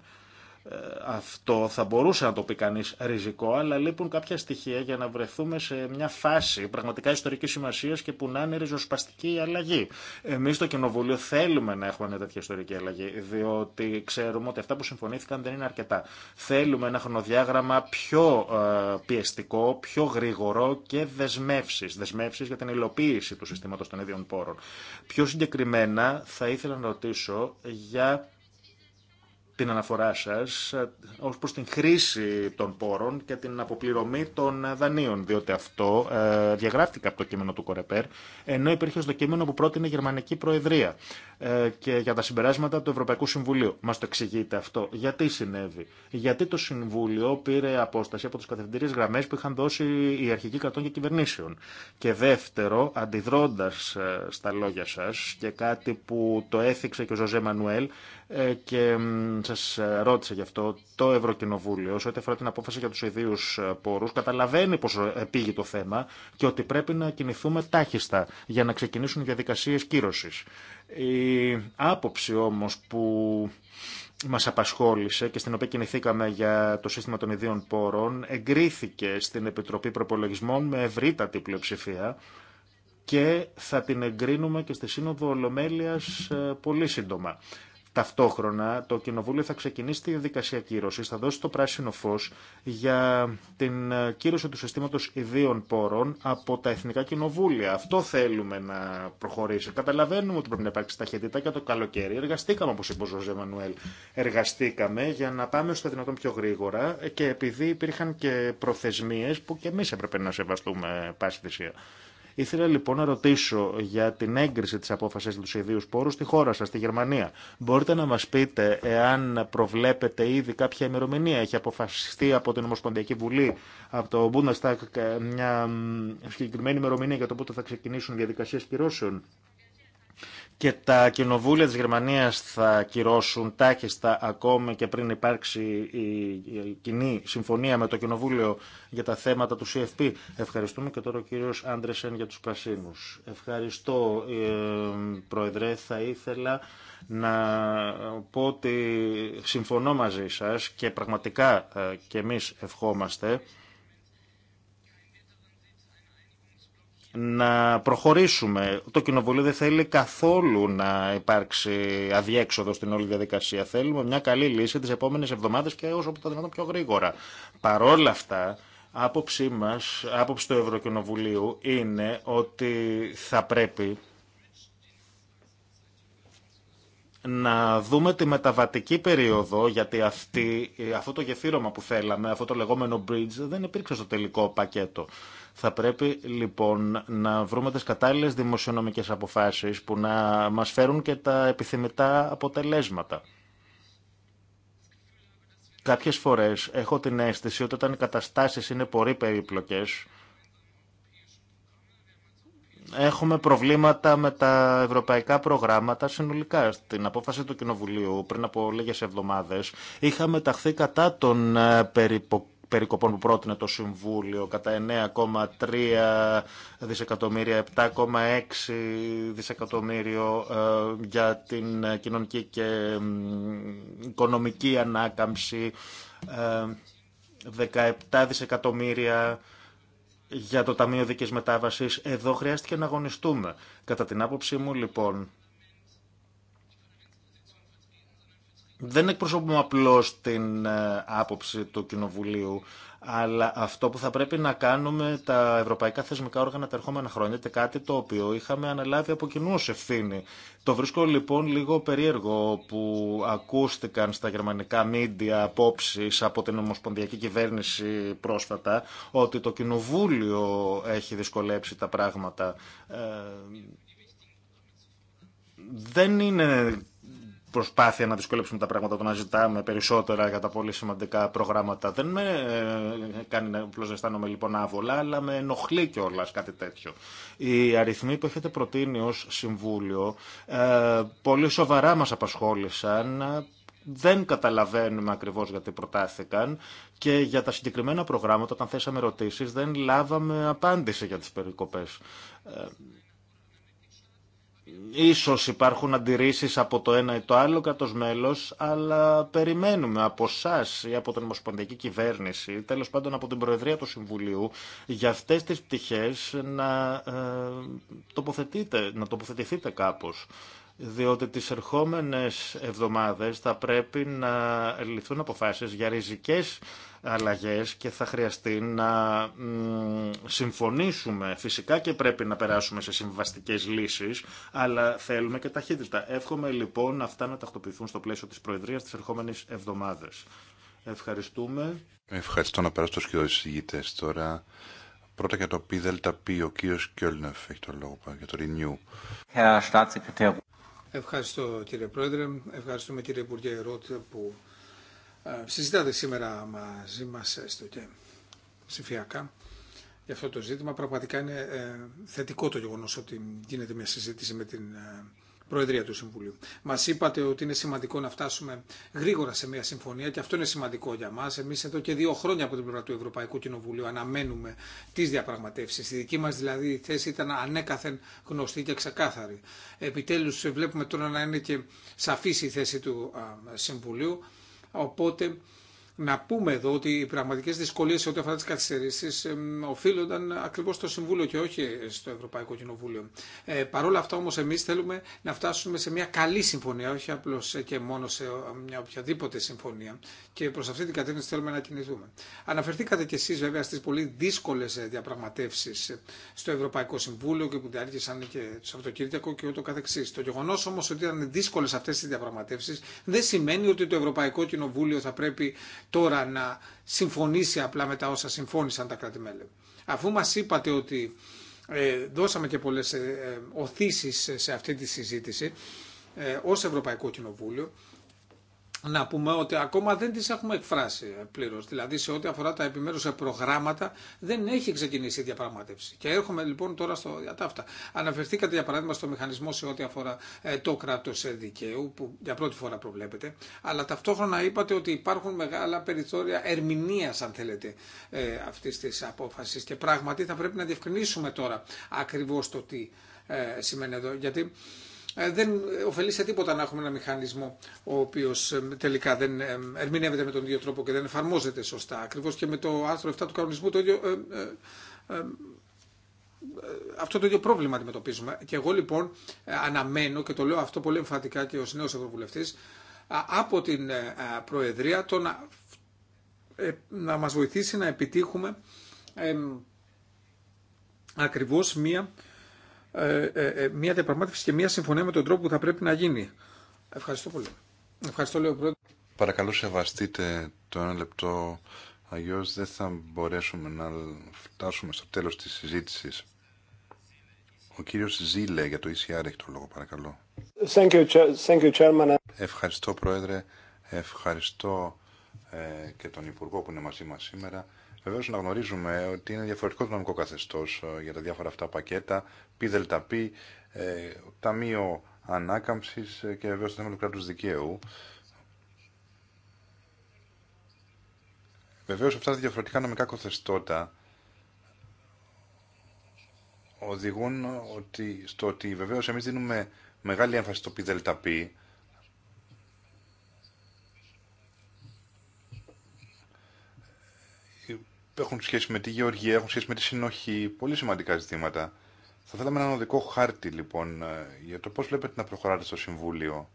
Ε, αυτό θα μπορούσε να το πει κανείς ριζικό, αλλά λείπουν κάποια στοιχεία για να βρεθούμε σε μια φάση πραγματικά ιστορική σημασία και που να είναι ριζοσπαστική η αλλαγή. Εμεί στο Κοινοβούλιο θέλουμε να έχουμε μια τέτοια ιστορική αλλαγή, διότι ξέρουμε ότι αυτά που συμφωνήθηκαν δεν είναι αρκετά. Θέλουμε ένα χρονοδιάγραμμα πιο ε, πιεστικό, πιο γρήγορο και δεσμεύσει. Δεσμεύσει για την υλοποίηση του συστήματο των ίδιων πόρων. Πιο συγκεκριμένα θα ήθελα να ρωτήσω για την αναφορά σας ε, ως προς την χρήση των πόρων και την αποπληρωμή των ε, δανείων, διότι αυτό ε, διαγράφτηκε από το κείμενο του Κορεπέρ, ενώ υπήρχε στο κείμενο που πρότεινε η Γερμανική Προεδρία ε, και για τα συμπεράσματα του Ευρωπαϊκού Συμβουλίου. Μας το εξηγείτε αυτό. Γιατί συνέβη. Γιατί το Συμβούλιο πήρε απόσταση από τις κατευθυντήριες γραμμές που είχαν δώσει οι αρχικοί κρατών και κυβερνήσεων. Και δεύτερο, αντιδρώντας στα λόγια σας και κάτι που το έθιξε και ο Ζωζέ Μανουέλ, ε, και σας ρώτησα γι' αυτό το Ευρωκοινοβούλιο σε ό,τι αφορά την απόφαση για τους ιδίους ε, πόρους καταλαβαίνει πως ε, πήγε το θέμα και ότι πρέπει να κινηθούμε τάχιστα για να ξεκινήσουν διαδικασίε διαδικασίες κύρωσης. Η άποψη όμως που μας απασχόλησε και στην οποία κινηθήκαμε για το σύστημα των ιδίων πόρων εγκρίθηκε στην Επιτροπή Προπολογισμών με ευρύτατη πλειοψηφία και θα την εγκρίνουμε και στη Σύνοδο Ολομέλειας πολύ σύντομα. Ταυτόχρονα το Κοινοβούλιο θα ξεκινήσει τη διαδικασία κύρωσης, θα δώσει το πράσινο φως για την ε, κύρωση του συστήματος ιδίων πόρων από τα Εθνικά Κοινοβούλια. Αυτό θέλουμε να προχωρήσει. Καταλαβαίνουμε ότι πρέπει να υπάρξει ταχύτητα και το καλοκαίρι. Εργαστήκαμε, όπως είπε ο Ζωζέ Μανουέλ, εργαστήκαμε για να πάμε στο δυνατόν πιο γρήγορα και επειδή υπήρχαν και προθεσμίες που και εμείς έπρεπε να σεβαστούμε πάση θυσία. Ήθελα λοιπόν να ρωτήσω για την έγκριση τη απόφαση του ιδίου πόρου στη χώρα σα, στη Γερμανία. Μπορείτε να μα πείτε εάν προβλέπετε ήδη κάποια ημερομηνία. Έχει αποφασιστεί από την Ομοσπονδιακή Βουλή, από το Bundestag, μια συγκεκριμένη ημερομηνία για το πότε θα ξεκινήσουν οι διαδικασίε κυρώσεων και τα κοινοβούλια της Γερμανίας θα κυρώσουν τάχιστα ακόμη και πριν υπάρξει η κοινή συμφωνία με το κοινοβούλιο για τα θέματα του CFP. Ευχαριστούμε και τώρα ο κύριος Άντρεσεν για τους πρασίνους. Ευχαριστώ, ε, Πρόεδρε. Θα ήθελα να πω ότι συμφωνώ μαζί σας και πραγματικά ε, και εμείς ευχόμαστε να προχωρήσουμε. Το Κοινοβούλιο δεν θέλει καθόλου να υπάρξει αδιέξοδο στην όλη διαδικασία. Θέλουμε μια καλή λύση τις επόμενες εβδομάδες και όσο το δυνατόν πιο γρήγορα. Παρόλα αυτά, άποψή μας, άποψη του Ευρωκοινοβουλίου είναι ότι θα πρέπει να δούμε τη μεταβατική περίοδο, γιατί αυτή, αυτό το γεφύρωμα που θέλαμε, αυτό το λεγόμενο bridge, δεν υπήρξε στο τελικό πακέτο. Θα πρέπει λοιπόν να βρούμε τις κατάλληλες δημοσιονομικές αποφάσεις που να μας φέρουν και τα επιθυμητά αποτελέσματα. Κάποιες φορές έχω την αίσθηση ότι όταν οι καταστάσεις είναι πολύ περίπλοκες, Έχουμε προβλήματα με τα ευρωπαϊκά προγράμματα συνολικά. Στην απόφαση του Κοινοβουλίου πριν από λίγες εβδομάδες είχαμε ταχθεί κατά των ε, περικοπών που πρότεινε το Συμβούλιο κατά 9,3 δισεκατομμύρια, 7,6 δισεκατομμύριο ε, για την κοινωνική και οικονομική ανάκαμψη, 17 ε, δισεκατομμύρια για το Ταμείο Δικής Μετάβασης, εδώ χρειάστηκε να αγωνιστούμε. Κατά την άποψή μου, λοιπόν, δεν εκπροσωπούμε απλώς την ε, άποψη του Κοινοβουλίου, αλλά αυτό που θα πρέπει να κάνουμε τα ευρωπαϊκά θεσμικά όργανα τα ερχόμενα χρόνια, και κάτι το οποίο είχαμε αναλάβει από κοινού ευθύνη. Το βρίσκω λοιπόν λίγο περίεργο που ακούστηκαν στα γερμανικά μίντια απόψει από την Ομοσπονδιακή Κυβέρνηση πρόσφατα ότι το Κοινοβούλιο έχει δυσκολέψει τα πράγματα. Ε, δεν είναι προσπάθεια να δυσκολέψουμε τα πράγματα, το να ζητάμε περισσότερα για τα πολύ σημαντικά προγράμματα. Δεν με ε, κάνει απλώ να αισθάνομαι λοιπόν άβολα, αλλά με ενοχλεί κιόλα κάτι τέτοιο. Οι αριθμοί που έχετε προτείνει ω Συμβούλιο ε, πολύ σοβαρά μα απασχόλησαν. Δεν καταλαβαίνουμε ακριβώς γιατί προτάθηκαν και για τα συγκεκριμένα προγράμματα όταν θέσαμε ερωτήσεις δεν λάβαμε απάντηση για τις περικοπές. Ε, Ίσως υπάρχουν αντιρρήσεις από το ένα ή το άλλο κάτω μέλος, αλλά περιμένουμε από εσά ή από την Ομοσπονδιακή Κυβέρνηση, τέλος πάντων από την Προεδρία του Συμβουλίου, για αυτές τις πτυχές να, ε, τοποθετείτε, να τοποθετηθείτε κάπως. Διότι τις ερχόμενες εβδομάδες θα πρέπει να ληφθούν αποφάσεις για ριζικές αλλαγές και θα χρειαστεί να συμφωνήσουμε. Φυσικά και πρέπει να περάσουμε σε συμβαστικές λύσεις, αλλά θέλουμε και ταχύτητα. Εύχομαι λοιπόν αυτά να τακτοποιηθούν στο πλαίσιο της Προεδρίας τις ερχόμενες εβδομάδες. Ευχαριστούμε. Ευχαριστώ να περάσω στους συζητητές τώρα. Πρώτα για το πι δελτα πι, ο κύριος Κιόλνεφ έχει το λόγο για το Renew. Ευχαριστώ κύριε Πρόεδρε, ευχαριστούμε κύριε Υπουργέ Ρότ που ε, συζητάτε σήμερα μαζί μας έστω ε, και ψηφιακά για αυτό το ζήτημα. Πραγματικά είναι ε, θετικό το γεγονός ότι γίνεται μια συζήτηση με την Προεδρία του Συμβουλίου. Μα είπατε ότι είναι σημαντικό να φτάσουμε γρήγορα σε μια συμφωνία και αυτό είναι σημαντικό για μα. Εμεί εδώ και δύο χρόνια από την πλευρά του Ευρωπαϊκού Κοινοβουλίου αναμένουμε τι διαπραγματεύσει. Η δική μα δηλαδή η θέση ήταν ανέκαθεν γνωστή και ξεκάθαρη. Επιτέλου βλέπουμε τώρα να είναι και σαφή η θέση του Συμβουλίου Οπότε να πούμε εδώ ότι οι πραγματικέ δυσκολίε σε ό,τι αφορά τις καθυστερήσεις οφείλονταν ακριβώς στο Συμβούλιο και όχι στο Ευρωπαϊκό Κοινοβούλιο. Ε, Παρ' όλα αυτά όμω, εμεί θέλουμε να φτάσουμε σε μια καλή συμφωνία, όχι απλώ και μόνο σε μια οποιαδήποτε συμφωνία και προ αυτή την κατεύθυνση θέλουμε να κινηθούμε. Αναφερθήκατε κι εσεί βέβαια στι πολύ δύσκολε διαπραγματεύσει ε, στο Ευρωπαϊκό Συμβούλιο και που διάρκησαν και το Σαββατοκύριακο και ούτω καθεξή. Το γεγονό όμω ότι ήταν δύσκολε αυτέ τι διαπραγματεύσει, δεν σημαίνει ότι το Ευρωπαϊκό Κοινοβούλιο θα πρέπει τώρα να συμφωνήσει απλά με τα όσα συμφώνησαν τα κράτη-μέλη. Αφού μας είπατε ότι ε, δώσαμε και πολλές ε, ε, οθήσεις σε αυτή τη συζήτηση ως Ευρωπαϊκό Κοινοβούλιο, να πούμε ότι ακόμα δεν τις έχουμε εκφράσει πλήρως. Δηλαδή σε ό,τι αφορά τα επιμέρους προγράμματα δεν έχει ξεκινήσει η διαπραγματεύση. Και έρχομαι λοιπόν τώρα στο, για τα αυτά. Αναφερθήκατε για παράδειγμα στο μηχανισμό σε ό,τι αφορά ε, το κράτος δικαίου που για πρώτη φορά προβλέπετε. Αλλά ταυτόχρονα είπατε ότι υπάρχουν μεγάλα περιθώρια ερμηνεία, αν θέλετε ε, αυτής της Και πράγματι θα πρέπει να διευκρινίσουμε τώρα ακριβώς το τι ε, σημαίνει εδώ. Γιατί ε, δεν ωφελεί σε τίποτα να έχουμε ένα μηχανισμό ο οποίο ε, τελικά δεν ε, ερμηνεύεται με τον ίδιο τρόπο και δεν εφαρμόζεται σωστά. Ακριβώ και με το άρθρο 7 του κανονισμού το ίδιο. αυτό το ίδιο πρόβλημα αντιμετωπίζουμε. Και εγώ λοιπόν αναμένω και το λέω αυτό πολύ εμφαντικά και ω νέο Ευρωβουλευτή από την Προεδρία το να, να μας βοηθήσει να επιτύχουμε ακριβώς μία ε, ε, ε, μια διαπραγμάτευση και μια συμφωνία με τον τρόπο που θα πρέπει να γίνει. Ευχαριστώ πολύ. Ευχαριστώ, λέω πρώτα. Παρακαλώ σεβαστείτε το ένα λεπτό, αλλιώ δεν θα μπορέσουμε να φτάσουμε στο τέλος της συζήτηση. Ο κύριος Ζήλε για το ECR έχει το λόγο, παρακαλώ. Thank you, thank you, chairman. Ευχαριστώ, Πρόεδρε. Ευχαριστώ ε, και τον Υπουργό που είναι μαζί μα σήμερα. Βεβαίω να γνωρίζουμε ότι είναι διαφορετικό το νομικό καθεστώ ε, για τα διάφορα αυτά πακέτα, πι ε, ταμείο ανάκαμψη ε, και βεβαίω το θέμα του κράτου δικαίου. Βεβαίω αυτά τα διαφορετικά νομικά καθεστώτα οδηγούν ότι, στο ότι βεβαίω εμεί δίνουμε μεγάλη έμφαση στο πι έχουν σχέση με τη γεωργία, έχουν σχέση με τη συνοχή, πολύ σημαντικά ζητήματα. Θα θέλαμε έναν οδικό χάρτη λοιπόν ε, για το πώς βλέπετε να προχωράτε στο Συμβούλιο.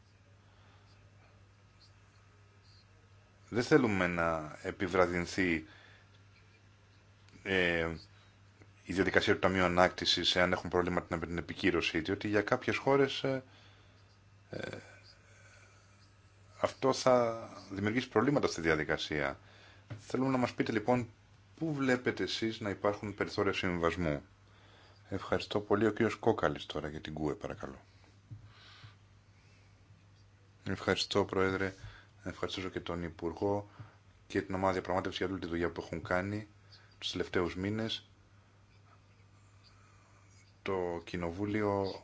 Δεν θέλουμε να επιβραδυνθεί ε, η διαδικασία του Ταμείου Ανάκτηση, εάν έχουν προβλήματα με την επικύρωση, διότι για κάποιες χώρε ε, αυτό θα δημιουργήσει προβλήματα στη διαδικασία. Θέλουμε να μα πείτε λοιπόν Πού βλέπετε εσείς να υπάρχουν περιθώρια συμβασμού. Ευχαριστώ πολύ. Ο κύριος Κόκαλης τώρα για την ΚΟΕ παρακαλώ. Ευχαριστώ Πρόεδρε. Ευχαριστώ και τον Υπουργό και την ομάδα διαπραγμάτευση για όλη τη δουλειά που έχουν κάνει τους τελευταίους μήνες. Το Κοινοβούλιο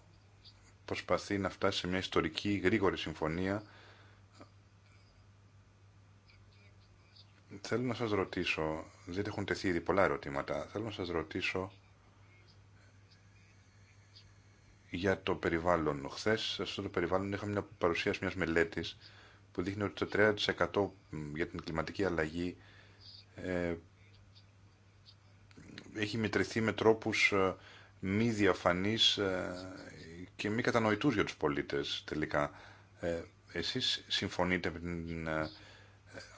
προσπαθεί να φτάσει σε μια ιστορική γρήγορη συμφωνία Θέλω να σας ρωτήσω, δεν έχουν τεθεί ήδη πολλά ερωτήματα, θέλω να σας ρωτήσω για το περιβάλλον. Χθε σε αυτό το περιβάλλον είχαμε μια παρουσίαση μιας μελέτης που δείχνει ότι το 30% για την κλιματική αλλαγή ε, έχει μετρηθεί με τρόπους ε, μη διαφανείς ε, και μη κατανοητούς για τους πολίτες τελικά. Ε, εσείς συμφωνείτε με την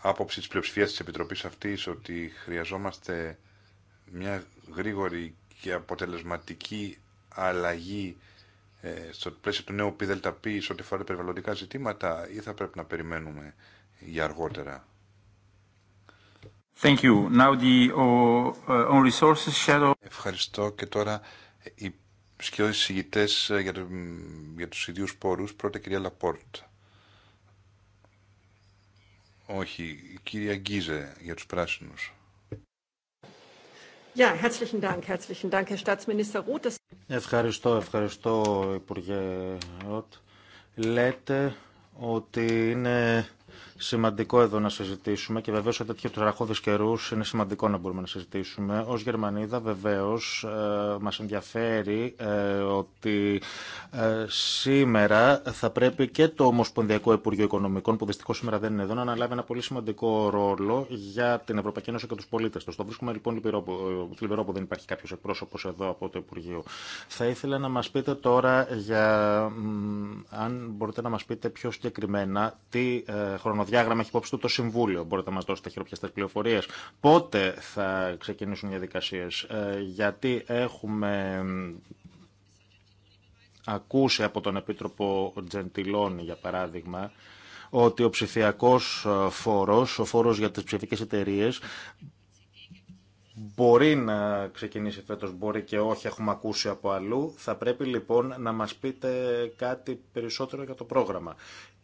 άποψη της πλειοψηφίας της Επιτροπής αυτής ότι χρειαζόμαστε μια γρήγορη και αποτελεσματική αλλαγή ε, στο πλαίσιο του νέου ΠΔΠ σε ό,τι φορά περιβαλλοντικά ζητήματα ή θα πρέπει να περιμένουμε για αργότερα. Thank you. Now the, on uh, resources shadow... Ευχαριστώ και τώρα οι σκιώδεις συγητές ε, για, το, για τους ιδίους πόρους. Πρώτα κυρία Λαπόρτ. Όχι, κυρία Γκίζε για τους πράσινους. Ja, herzlichen Dank, herzlichen Dank, Herr Staatsminister Ruth. Ευχαριστώ, ευχαριστώ, Υπουργέ Ροτ. Λέτε ότι είναι Σημαντικό εδώ να συζητήσουμε και βεβαίω σε τέτοιου τραχώδει καιρού είναι σημαντικό να μπορούμε να συζητήσουμε. Ω Γερμανίδα βεβαίω ε, μα ενδιαφέρει ε, ότι ε, σήμερα θα πρέπει και το Ομοσπονδιακό Υπουργείο Οικονομικών, που δυστυχώ σήμερα δεν είναι εδώ, να αναλάβει ένα πολύ σημαντικό ρόλο για την Ευρωπαϊκή Ένωση και του πολίτε του. Το βρίσκουμε λοιπόν λυπηρό που ε, δεν υπάρχει κάποιο εκπρόσωπο εδώ από το Υπουργείο. Θα ήθελα να μα πείτε τώρα για. αν μπορείτε να μα πείτε πιο συγκεκριμένα τι χρονοδιάγραμμα έχει υπόψη του το Συμβούλιο. Μπορείτε να μα δώσετε χειροπιαστέ πληροφορίε. Πότε θα ξεκινήσουν οι διαδικασίε, ε, γιατί έχουμε ακούσει από τον Επίτροπο Τζεντιλόνι, για παράδειγμα, ότι ο ψηφιακό ε, φόρος, ο φόρος για τις ψηφιακές εταιρείε, μπορεί να ξεκινήσει φέτος, μπορεί και όχι, έχουμε ακούσει από αλλού. Θα πρέπει λοιπόν να μας πείτε κάτι περισσότερο για το πρόγραμμα.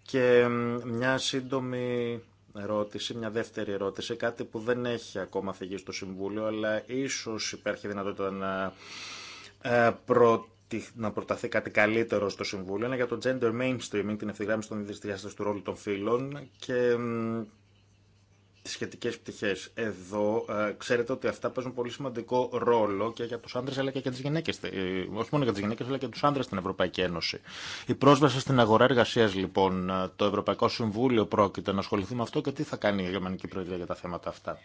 Και μια σύντομη ερώτηση, μια δεύτερη ερώτηση, κάτι που δεν έχει ακόμα φυγεί στο Συμβούλιο, αλλά ίσως υπάρχει δυνατότητα να, ε, να προταθεί κάτι καλύτερο στο Συμβούλιο, είναι για το gender mainstreaming, την ευθυγράμμιση των διδυστριάστες του ρόλου των φύλων και τις σχετικές πτυχές εδώ, ε, ξέρετε ότι αυτά παίζουν πολύ σημαντικό ρόλο και για τους άντρες αλλά και για τις γυναίκες, ε, όχι μόνο για τις γυναίκες αλλά και για τους άντρες στην Ευρωπαϊκή Ένωση. Η πρόσβαση στην αγορά εργασίας λοιπόν, ε, το Ευρωπαϊκό Συμβούλιο πρόκειται να ασχοληθεί με αυτό και τι θα κάνει η Γερμανική Προεδρία για τα θέματα αυτά.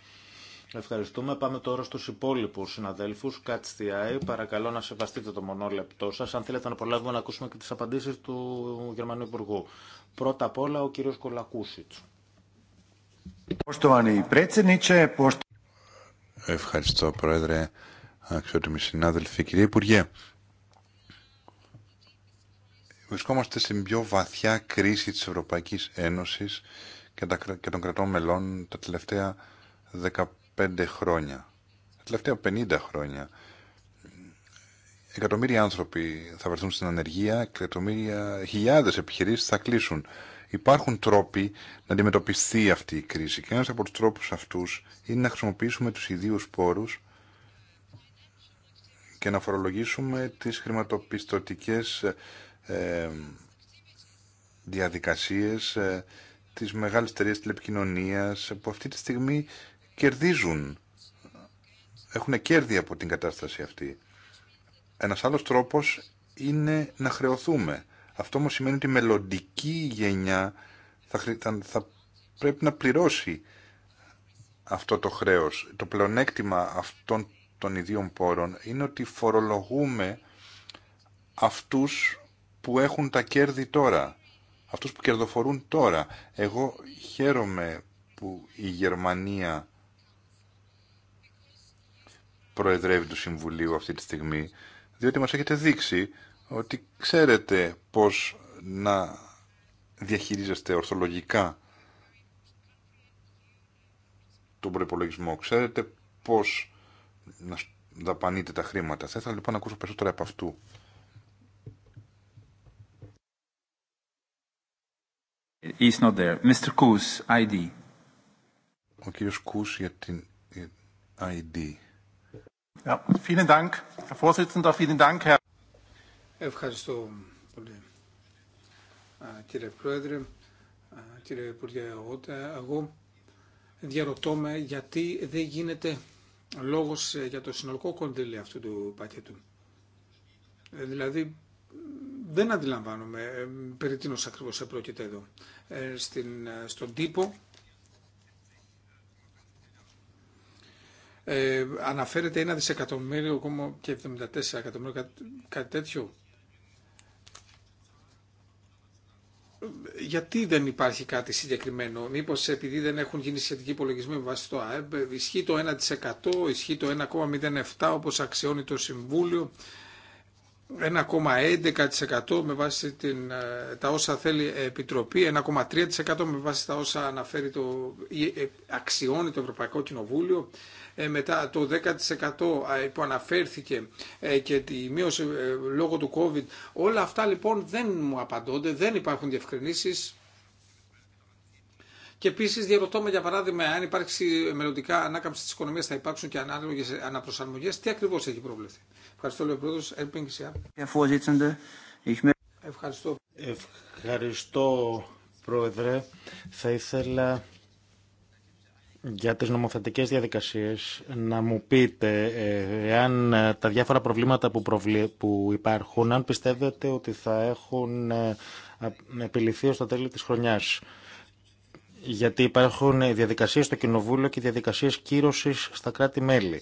Ευχαριστούμε. Πάμε τώρα στου υπόλοιπου συναδέλφου. Κάτσε Κατστιάη, παρακαλώ να σεβαστείτε το μονόλεπτό σα. Αν θέλετε να προλάβουμε να ακούσουμε και τι απαντήσει του Γερμανού Υπουργού. Πρώτα απ' όλα ο κύριο Κολακούσιτ. Ευχαριστώ, Πρόεδρε, αξιότιμοι συνάδελφοι. Κύριε Υπουργέ, βρισκόμαστε στην πιο βαθιά κρίση της Ευρωπαϊκής Ένωσης και των κρατών μελών τα τελευταία 15 χρόνια. Τα τελευταία 50 χρόνια. Εκατομμύρια άνθρωποι θα βρεθούν στην ανεργία, εκατομμύρια χιλιάδες επιχειρήσεις θα κλείσουν. Υπάρχουν τρόποι να αντιμετωπιστεί αυτή η κρίση και ένας από τους τρόπους αυτούς είναι να χρησιμοποιήσουμε τους ιδίους πόρους και να φορολογήσουμε τις χρηματοπιστωτικές ε, διαδικασίες ε, τις μεγάλες εταιρείες τηλεπικοινωνίας που αυτή τη στιγμή κερδίζουν, έχουν κέρδη από την κατάσταση αυτή. Ένας άλλος τρόπος είναι να χρεωθούμε. Αυτό όμως σημαίνει ότι η μελλοντική γενιά θα, θα, πρέπει να πληρώσει αυτό το χρέος. Το πλεονέκτημα αυτών των ιδίων πόρων είναι ότι φορολογούμε αυτούς που έχουν τα κέρδη τώρα, αυτούς που κερδοφορούν τώρα. Εγώ χαίρομαι που η Γερμανία προεδρεύει του Συμβουλίου αυτή τη στιγμή, διότι μας έχετε δείξει ότι ξέρετε πώς να διαχειρίζεστε ορθολογικά τον προϋπολογισμό. Ξέρετε πώς να δαπανείτε τα χρήματα. Θα ήθελα λοιπόν να ακούσω περισσότερα από αυτού. He's not there. Mr. Kous, ID. Ο κύριος Κούς για την ID. Ja, Vielen Dank, Herr Vorsitzender, vielen Dank, Herr Ευχαριστώ πολύ κύριε Πρόεδρε, κύριε Υπουργέ εγώ διαρωτώ γιατί δεν γίνεται λόγος ε, για το συνολικό κονδύλι αυτού του πακέτου. Ε, δηλαδή δεν αντιλαμβάνομαι ε, περί τίνος ακριβώς πρόκειται εδώ. Στην, στον τύπο αναφέρεται ένα δισεκατομμύριο ακόμα και 74 εκατομμύρια κάτι τέτοιο γιατί δεν υπάρχει κάτι συγκεκριμένο. Μήπω, επειδή δεν έχουν γίνει σχετικοί υπολογισμοί με βάση το ΑΕΠ, ισχύει το 1%, ισχύει το 1,07% όπως αξιώνει το Συμβούλιο, 1,11% με βάση την, ε, τα όσα θέλει η Επιτροπή, 1,3% με βάση τα όσα αναφέρει το, ε, ε, αξιώνει το Ευρωπαϊκό Κοινοβούλιο. Ε, μετά το 10% που αναφέρθηκε ε, και τη μείωση ε, λόγω του COVID. Όλα αυτά λοιπόν δεν μου απαντώνται, δεν υπάρχουν διευκρινήσεις. Και επίση διαρωτώ με για παράδειγμα, αν υπάρξει μελλοντικά ανάκαμψη τη οικονομία, θα υπάρξουν και ανάλογε αναπροσαρμογέ. Τι ακριβώ έχει προβλεφθεί. Ευχαριστώ, λέει ο πρόεδρο. Ευχαριστώ. Ευχαριστώ, πρόεδρε. Θα ήθελα για τις νομοθετικές διαδικασίες να μου πείτε ε, εάν ε, τα διάφορα προβλήματα που, που υπάρχουν αν πιστεύετε ότι θα έχουν ε, επιληθεί ως το τέλος της χρονιάς. Γιατί υπάρχουν διαδικασίες στο Κοινοβούλιο και διαδικασίες κύρωσης στα κράτη-μέλη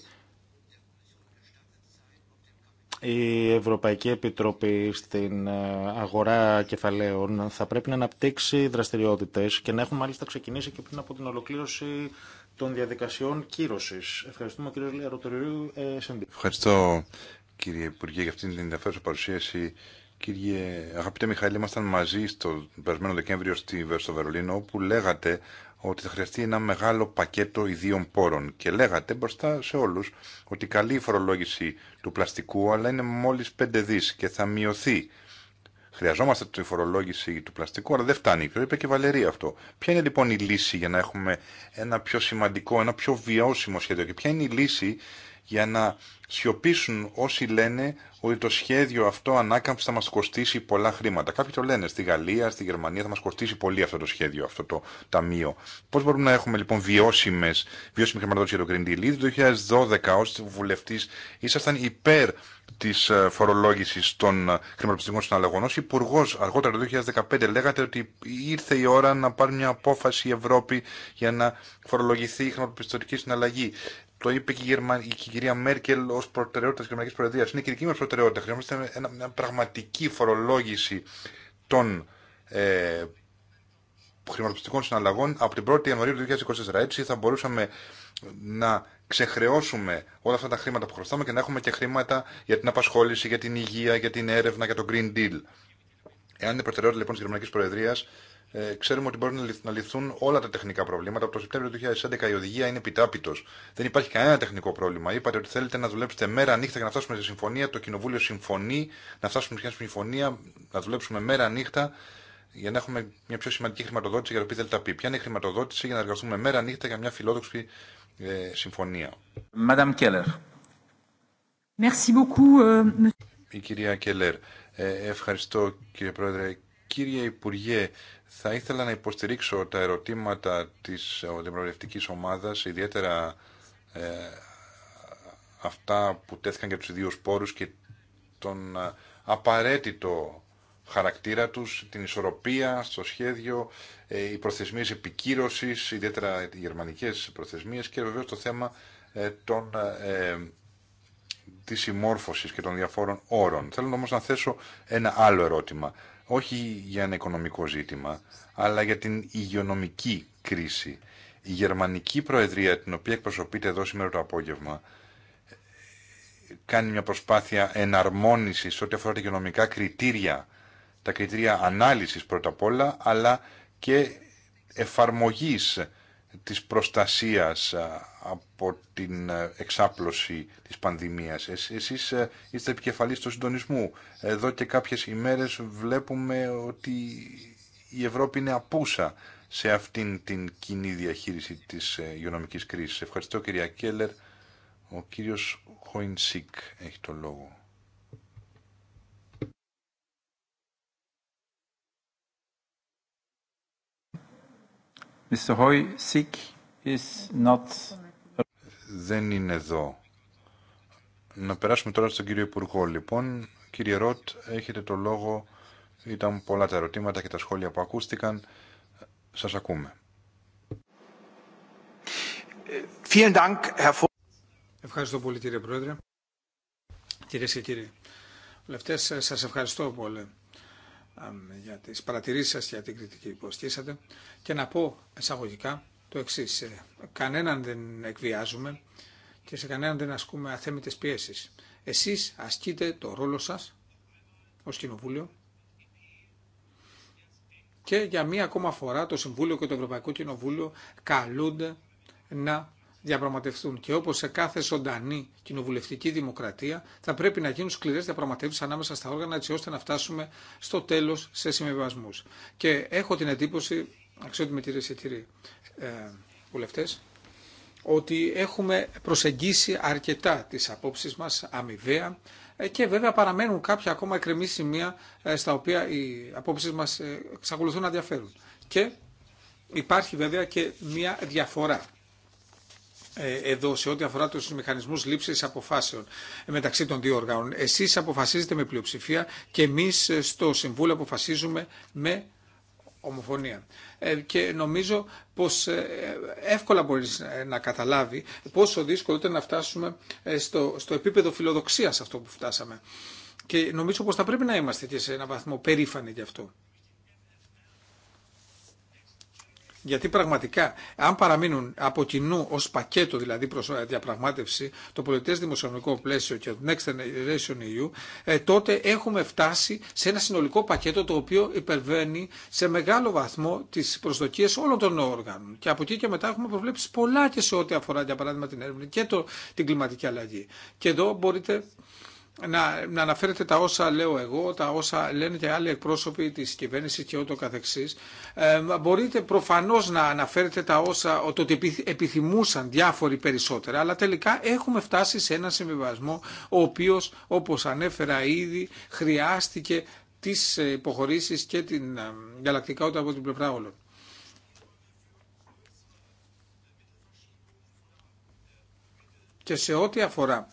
η Ευρωπαϊκή Επιτροπή στην ε, αγορά κεφαλαίων θα πρέπει να αναπτύξει δραστηριότητες και να έχουν μάλιστα ξεκινήσει και πριν από την ολοκλήρωση των διαδικασιών κύρωσης. Ευχαριστούμε κύριο Λεαροτερίου ε, Ευχαριστώ κύριε Υπουργέ για αυτήν την ενδιαφέρουσα παρουσίαση. Κύριε αγαπητέ Μιχαήλ, ήμασταν μαζί στο περασμένο Δεκέμβριο στο Βερολίνο όπου λέγατε ότι θα χρειαστεί ένα μεγάλο πακέτο ιδίων πόρων και λέγατε μπροστά σε όλους ότι καλή η φορολόγηση του πλαστικού αλλά είναι μόλις 5 δις και θα μειωθεί. Χρειαζόμαστε τη φορολόγηση του πλαστικού, αλλά δεν φτάνει. Το είπε και η Βαλερία αυτό. Ποια είναι λοιπόν η λύση για να έχουμε ένα πιο σημαντικό, ένα πιο βιώσιμο σχέδιο και ποια είναι η λύση για να σιωπήσουν όσοι λένε ότι το σχέδιο αυτό ανάκαμψη θα μας κοστίσει πολλά χρήματα. Κάποιοι το λένε στη Γαλλία, στη Γερμανία θα μας κοστίσει πολύ αυτό το σχέδιο, αυτό το ταμείο. Πώς μπορούμε να έχουμε λοιπόν βιώσιμες βιώσιμη χρηματοδότηση για το Green Deal. Ήδη το 2012 ω βουλευτή ήσασταν υπέρ τη ε, φορολόγηση των ε, χρηματοπιστικών συναλλαγών. Ω υπουργό αργότερα το 2015 λέγατε ότι ήρθε η ώρα να πάρει μια απόφαση η Ευρώπη για να φορολογηθεί η χρηματοπιστωτική συναλλαγή. Το είπε και η, Γερμα... η κυρία Μέρκελ ω προτεραιότητα τη Γερμανική Προεδρία. Είναι και δική μα προτεραιότητα. Χρειαζόμαστε μια πραγματική φορολόγηση των ε, χρηματοπιστικών συναλλαγών από την 1η Ιανουαρίου του 2024. Έτσι θα μπορούσαμε να ξεχρεώσουμε όλα αυτά τα χρήματα που χρωστάμε και να έχουμε και χρήματα για την απασχόληση, για την υγεία, για την έρευνα, για το Green Deal. Εάν είναι προτεραιότητα λοιπόν τη Γερμανική Προεδρία ε, ξέρουμε ότι μπορούν να λυθούν όλα τα τεχνικά προβλήματα. Από το Σεπτέμβριο του 2011 η οδηγία είναι επιτάπητο. Δεν υπάρχει κανένα τεχνικό πρόβλημα. Είπατε ότι θέλετε να δουλέψετε μέρα-νύχτα για να φτάσουμε σε συμφωνία. Το Κοινοβούλιο συμφωνεί να φτάσουμε σε συμφωνία, να δουλέψουμε μέρα-νύχτα για να έχουμε μια πιο σημαντική χρηματοδότηση για το πει. Ποια είναι η χρηματοδότηση για να εργαστούμε μέρα-νύχτα για μια φιλόδοξη ε, συμφωνία. Madame Keller. Merci beaucoup, euh, η κυρία Κελέρ. ευχαριστώ κύριε Πρόεδρε. Κύριε Υπουργέ, θα ήθελα να υποστηρίξω τα ερωτήματα της ε, δημοκρατικής ομάδας, ιδιαίτερα ε, αυτά που τέθηκαν για τους δύο σπόρους και τον ε, απαραίτητο χαρακτήρα τους, την ισορροπία στο σχέδιο, ε, οι προθεσμίες επικύρωσης, ιδιαίτερα οι γερμανικές προθεσμίες και βεβαίως το θέμα ε, των, της συμμόρφωσης και των διαφόρων όρων. Θέλω όμως να θέσω ένα άλλο ερώτημα όχι για ένα οικονομικό ζήτημα, αλλά για την υγειονομική κρίση. Η Γερμανική Προεδρία, την οποία εκπροσωπείται εδώ σήμερα το απόγευμα, κάνει μια προσπάθεια εναρμόνισης ό,τι αφορά τα υγειονομικά κριτήρια, τα κριτήρια ανάλυσης πρώτα απ' όλα, αλλά και εφαρμογής της προστασίας από την ε, εξάπλωση της πανδημίας. Εσείς ε, είστε επικεφαλής του συντονισμού. Εδώ και κάποιες ημέρες βλέπουμε ότι η Ευρώπη είναι απούσα σε αυτήν την κοινή διαχείριση της ε, υγειονομικής κρίσης. Ευχαριστώ κυρία Κέλλερ. Ο κύριος Χόινσικ έχει το λόγο. Δεν είναι εδώ. Να περάσουμε τώρα στον κύριο Υπουργό. Λοιπόν, κύριε Ροτ, έχετε το λόγο. Ήταν πολλά τα ερωτήματα και τα σχόλια που ακούστηκαν. Σας ακούμε. Ευχαριστώ πολύ κύριε Πρόεδρε. Κυρίε και κύριοι, βουλευτέ, σα ευχαριστώ πολύ για τις παρατηρήσεις σας για την κριτική που ασκήσατε και να πω εισαγωγικά το εξή. Κανέναν δεν εκβιάζουμε και σε κανέναν δεν ασκούμε αθέμητες πιέσεις. Εσείς ασκείτε το ρόλο σας ως Κοινοβούλιο και για μία ακόμα φορά το Συμβούλιο και το Ευρωπαϊκό Κοινοβούλιο καλούνται να διαπραγματευτούν. Και όπω σε κάθε ζωντανή κοινοβουλευτική δημοκρατία, θα πρέπει να γίνουν σκληρέ διαπραγματεύσει ανάμεσα στα όργανα, έτσι ώστε να φτάσουμε στο τέλο σε συμβιβασμού. Και έχω την εντύπωση, αξιότιμη κυρίε και κύριοι ε, βουλευτέ, ότι έχουμε προσεγγίσει αρκετά τις απόψεις μας αμοιβαία ε, και βέβαια παραμένουν κάποια ακόμα εκκρεμή σημεία ε, στα οποία οι απόψεις μας ε, εξακολουθούν να διαφέρουν. Και υπάρχει βέβαια και μία διαφορά ε, εδώ σε ό,τι αφορά τους μηχανισμούς λήψη αποφάσεων μεταξύ των δύο οργάνων. Εσείς αποφασίζετε με πλειοψηφία και εμεί ε, στο Συμβούλιο αποφασίζουμε με ομοφωνία. Ε, και νομίζω πως εύκολα μπορείς να καταλάβει πόσο δύσκολο ήταν να φτάσουμε στο, στο επίπεδο φιλοδοξίας αυτό που φτάσαμε. Και νομίζω πως θα πρέπει να είμαστε και σε έναν βαθμό περήφανοι γι' αυτό. Γιατί πραγματικά, αν παραμείνουν από κοινού ω πακέτο δηλαδή προ διαπραγμάτευση το πολιτέ δημοσιονομικό πλαίσιο και το Next Generation EU, ε, τότε έχουμε φτάσει σε ένα συνολικό πακέτο το οποίο υπερβαίνει σε μεγάλο βαθμό τι προσδοκίε όλων των όργανων. Και από εκεί και μετά έχουμε προβλέψει πολλά και σε ό,τι αφορά για παράδειγμα την έρευνα και το, την κλιματική αλλαγή. Και εδώ μπορείτε να, να αναφέρετε τα όσα λέω εγώ, τα όσα λένε και άλλοι εκπρόσωποι της κυβέρνησης και ούτω καθεξής. Ε, μπορείτε προφανώς να αναφέρετε τα όσα, το ότι επιθυμούσαν διάφοροι περισσότερα, αλλά τελικά έχουμε φτάσει σε ένα συμβιβασμό, ο οποίος, όπως ανέφερα ήδη, χρειάστηκε τις υποχωρήσεις και την ε, γαλακτικά από την πλευρά όλων. Και σε ό,τι αφορά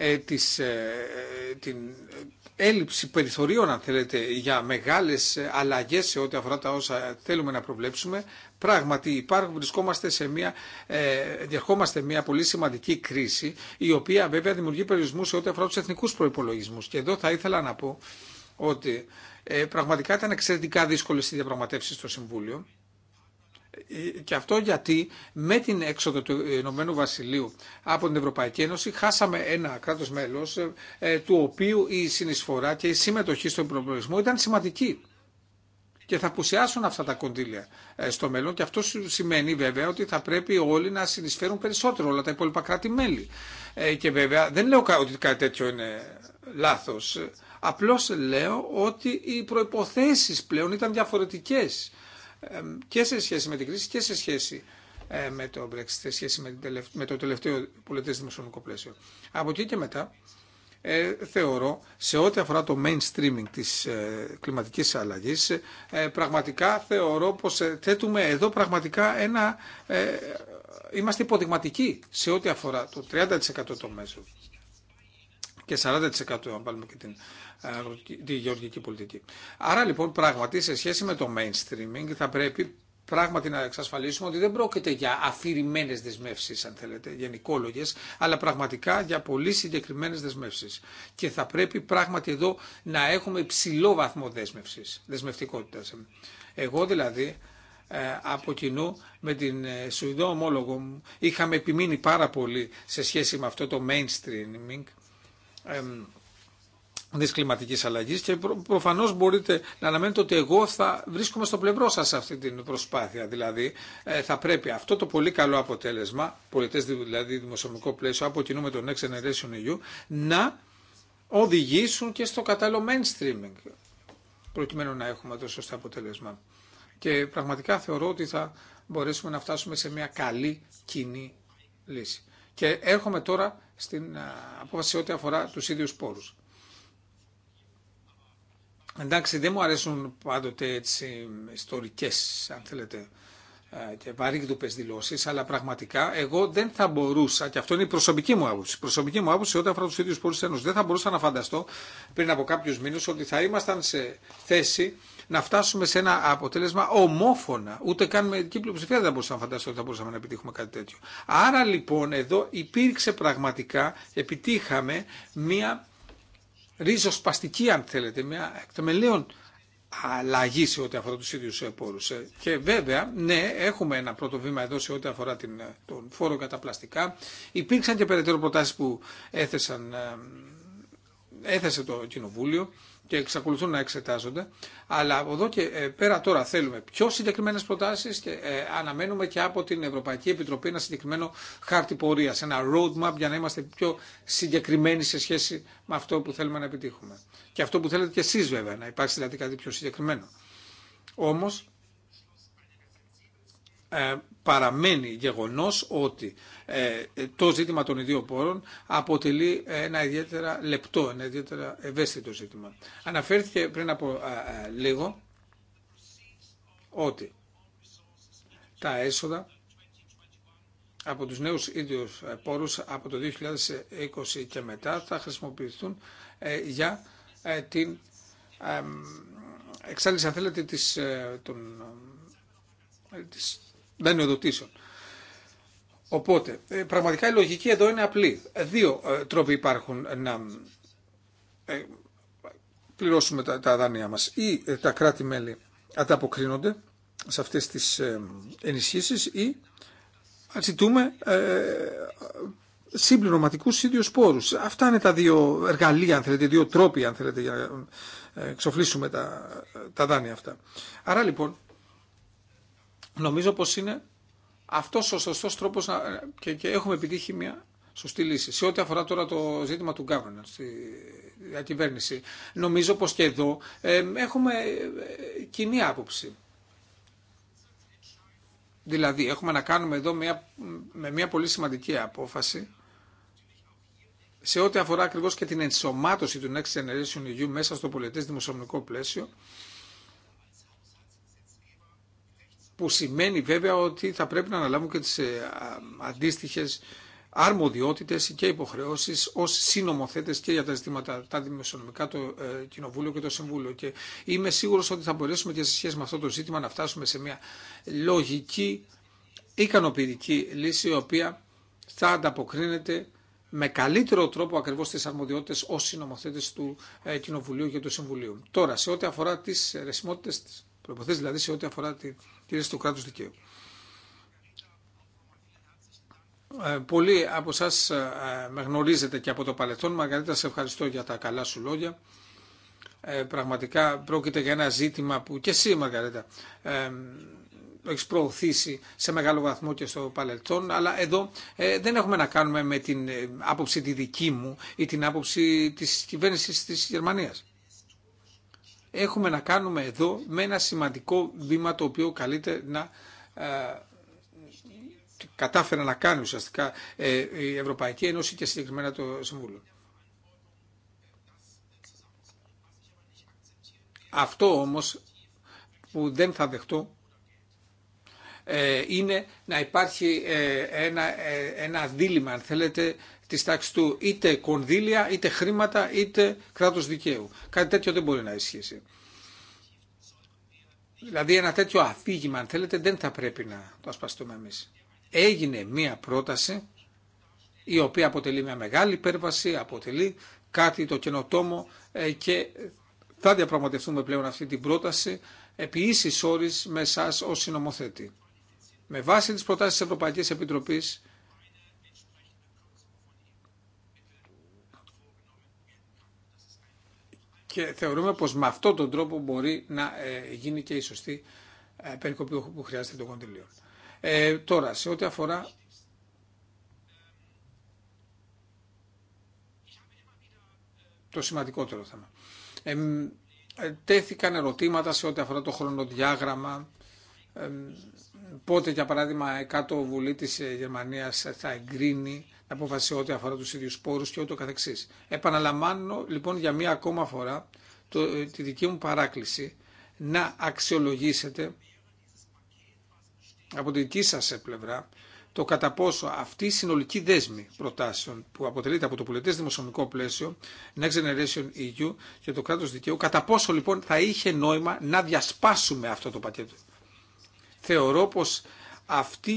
ε, της, ε, την έλλειψη περιθωρίων, αν θέλετε, για μεγάλες ε, αλλαγές σε ό,τι αφορά τα όσα θέλουμε να προβλέψουμε, πράγματι υπάρχουν, βρισκόμαστε σε μια, μια πολύ σημαντική κρίση, η οποία βέβαια δημιουργεί περιορισμού σε ό,τι αφορά τους εθνικούς προϋπολογισμούς. Και εδώ θα ήθελα να πω ότι πραγματικά ήταν εξαιρετικά δύσκολες οι διαπραγματεύσεις στο Συμβούλιο και αυτό γιατί με την έξοδο του Ηνωμένου Βασιλείου από την Ευρωπαϊκή Ένωση χάσαμε ένα κράτος μέλος ε, ε, του οποίου η συνεισφορά και η συμμετοχή στον προπολογισμό ήταν σημαντική και θα πουσιάσουν αυτά τα κονδύλια ε, στο μέλλον. Και αυτό σημαίνει βέβαια ότι θα πρέπει όλοι να συνεισφέρουν περισσότερο, όλα τα υπόλοιπα κράτη-μέλη. Και βέβαια δεν λέω ότι κάτι τέτοιο είναι λάθο. Απλώ λέω ότι οι προϋποθέσεις πλέον ήταν διαφορετικές και σε σχέση με την κρίση και σε σχέση ε, με το Brexit, σε σχέση με το τελευταίο πολιτικό δημοσιονομικό πλαίσιο. Από εκεί και μετά, ε, θεωρώ σε ό,τι αφορά το mainstreaming της ε, κλιματικής αλλαγής ε, πραγματικά θεωρώ πως ε, θέτουμε εδώ πραγματικά ένα ε, είμαστε υποδειγματικοί σε ό,τι αφορά το 30% των μέσων και 40% αν βάλουμε και την ε, τη γεωργική πολιτική. Άρα λοιπόν πράγματι σε σχέση με το mainstreaming θα πρέπει πράγματι να εξασφαλίσουμε ότι δεν πρόκειται για αφηρημένε δεσμεύσει, αν θέλετε, γενικόλογε, αλλά πραγματικά για πολύ συγκεκριμένε δεσμεύσει. Και θα πρέπει πράγματι εδώ να έχουμε υψηλό βαθμό δέσμευση, δεσμευτικότητα. Εγώ δηλαδή ε, από κοινού με την ε, Σουηδό ομόλογο μου είχαμε επιμείνει πάρα πολύ σε σχέση με αυτό το mainstreaming τη κλιματική αλλαγή και προ, προφανώς μπορείτε να αναμένετε ότι εγώ θα βρίσκομαι στο πλευρό σας σε αυτή την προσπάθεια. Δηλαδή ε, θα πρέπει αυτό το πολύ καλό αποτέλεσμα, πολιτές δηλαδή δημοσιονομικό πλαίσιο από κοινού με τον Next Generation EU, να οδηγήσουν και στο κατάλληλο mainstreaming προκειμένου να έχουμε το σωστό αποτέλεσμα. Και πραγματικά θεωρώ ότι θα μπορέσουμε να φτάσουμε σε μια καλή κοινή λύση. Και έρχομαι τώρα στην ε, απόφαση ό,τι αφορά τους ίδιους πόρους. Εντάξει, δεν μου αρέσουν πάντοτε έτσι ιστορικές, αν θέλετε, ε, και βαρύγδουπες δηλώσεις, αλλά πραγματικά εγώ δεν θα μπορούσα, και αυτό είναι η προσωπική μου άποψη, η προσωπική μου άποψη όταν αφορά τους ίδιους πόλους ένωσης, δεν θα μπορούσα να φανταστώ πριν από κάποιους μήνες ότι θα ήμασταν σε θέση να φτάσουμε σε ένα αποτέλεσμα ομόφωνα. Ούτε καν με ειδική πλειοψηφία δεν μπορούσαμε να φανταστώ ότι θα μπορούσαμε να επιτύχουμε κάτι τέτοιο. Άρα λοιπόν εδώ υπήρξε πραγματικά, επιτύχαμε μία ρίζοσπαστική αν θέλετε, μία εκτεμελίων αλλαγή σε ό,τι αφορά του ίδιου ε, πόρου. Ε. Και βέβαια, ναι, έχουμε ένα πρώτο βήμα εδώ σε ό,τι αφορά την, ε, τον φόρο κατά πλαστικά. Υπήρξαν και περαιτέρω προτάσεις που έθεσαν, έθεσε το Κοινοβούλιο και εξακολουθούν να εξετάζονται. Αλλά από εδώ και ε, πέρα τώρα θέλουμε πιο συγκεκριμένες προτάσει και ε, αναμένουμε και από την Ευρωπαϊκή Επιτροπή ένα συγκεκριμένο χάρτη πορεία, ένα roadmap για να είμαστε πιο συγκεκριμένοι σε σχέση με αυτό που θέλουμε να επιτύχουμε. Και αυτό που θέλετε και εσεί βέβαια, να υπάρξει δηλαδή κάτι πιο συγκεκριμένο. Όμως ε, παραμένει γεγονός ότι ε, το ζήτημα των ιδίων πόρων αποτελεί ένα ιδιαίτερα λεπτό, ένα ιδιαίτερα ευαίσθητο ζήτημα. Αναφέρθηκε πριν από ε, λίγο ότι τα έσοδα από τους νέους ίδιους πόρους από το 2020 και μετά θα χρησιμοποιηθούν για την εξάλληση αν θέλετε της, των, οδοτήσεων. Οπότε, ε, πραγματικά η λογική εδώ είναι απλή. Ε, δύο ε, τρόποι υπάρχουν να πληρώσουμε τα δάνεια μας. Ή τα κράτη-μέλη ανταποκρίνονται σε αυτές τις ενισχύσεις ή ζητούμε συμπληρωματικούς ίδιους πόρους. Αυτά είναι τα δύο εργαλεία, αν θέλετε, δύο τρόποι, αν θέλετε, για να εξοφλήσουμε τα, τα δάνεια αυτά. Άρα λοιπόν, νομίζω πως είναι αυτός ο σωστός τρόπος να, και, έχουμε επιτύχει μια σωστή λύση. Σε ό,τι αφορά τώρα το ζήτημα του governance, τη διακυβέρνηση, νομίζω πως και εδώ έχουμε ε, ε, κοινή άποψη. Δηλαδή, έχουμε να κάνουμε εδώ μια, με μια πολύ σημαντική απόφαση σε ό,τι αφορά ακριβώς και την ενσωμάτωση του Next Generation EU μέσα στο πολιτές δημοσιονομικό πλαίσιο που σημαίνει βέβαια ότι θα πρέπει να αναλάβουν και τις ε, αντίστοιχες αρμοδιότητες και υποχρεώσεις ως συνομοθέτες και για τα ζητήματα τα δημοσιονομικά, το ε, Κοινοβούλιο και το Συμβούλιο. Και είμαι σίγουρος ότι θα μπορέσουμε και σε σχέση με αυτό το ζήτημα να φτάσουμε σε μια λογική, ικανοποιητική λύση η οποία θα ανταποκρίνεται με καλύτερο τρόπο ακριβώ τι αρμοδιότητε ω συνομοθέτε του ε, Κοινοβουλίου και του Συμβουλίου. Τώρα, σε ό,τι αφορά τι ρεσιμότητε, προποθέσει δηλαδή, σε ό,τι αφορά τη Κυρίε του κράτους δικαίου. Ε, πολλοί από εσά ε, με γνωρίζετε και από το παρελθόν. Μαργαρίτα, σε ευχαριστώ για τα καλά σου λόγια. Ε, πραγματικά πρόκειται για ένα ζήτημα που και εσύ, Μαργαρίτα, ε, έχει προωθήσει σε μεγάλο βαθμό και στο παρελθόν, αλλά εδώ ε, δεν έχουμε να κάνουμε με την άποψη τη δική μου ή την άποψη της κυβέρνησης της Γερμανίας έχουμε να κάνουμε εδώ με ένα σημαντικό βήμα το οποίο καλείται να ε, κατάφερε να κάνει ουσιαστικά ε, η Ευρωπαϊκή Ένωση και συγκεκριμένα το Συμβούλιο. Αυτό όμως που δεν θα δεχτώ ε, είναι να υπάρχει ένα, ένα δίλημα, αν θέλετε, τη τάξη του είτε κονδύλια, είτε χρήματα, είτε κράτο δικαίου. Κάτι τέτοιο δεν μπορεί να ισχύσει. Δηλαδή ένα τέτοιο αφήγημα, αν θέλετε, δεν θα πρέπει να το ασπαστούμε εμεί. Έγινε μία πρόταση η οποία αποτελεί μια μεγάλη υπέρβαση, αποτελεί κάτι το καινοτόμο ε, και θα διαπραγματευτούμε πλέον αυτή την πρόταση επί ίσης όρης με εσάς ως συνομοθέτη. Με βάση τις προτάσεις της Ευρωπαϊκής Επιτροπής και θεωρούμε πως με αυτόν τον τρόπο μπορεί να ε, γίνει και η σωστή ε, περικοπή που χρειάζεται το κοντιλίο. Ε, τώρα, σε ό,τι αφορά το σημαντικότερο θέμα. Ε, τέθηκαν ερωτήματα σε ό,τι αφορά το χρονοδιάγραμμα πότε για παράδειγμα κάτω βουλή της ε, Γερμανίας θα εγκρίνει την απόφαση ό,τι αφορά τους ίδιους πόρους και ούτω καθεξής. Επαναλαμβάνω λοιπόν για μία ακόμα φορά το, ε, τη δική μου παράκληση να αξιολογήσετε από τη δική σας ε, πλευρά το κατά πόσο αυτή η συνολική δέσμη προτάσεων που αποτελείται από το πολιτές δημοσιονομικό πλαίσιο, Next Generation EU και το κράτος δικαίου, κατά πόσο λοιπόν θα είχε νόημα να διασπάσουμε αυτό το πακέτο θεωρώ πως αυτή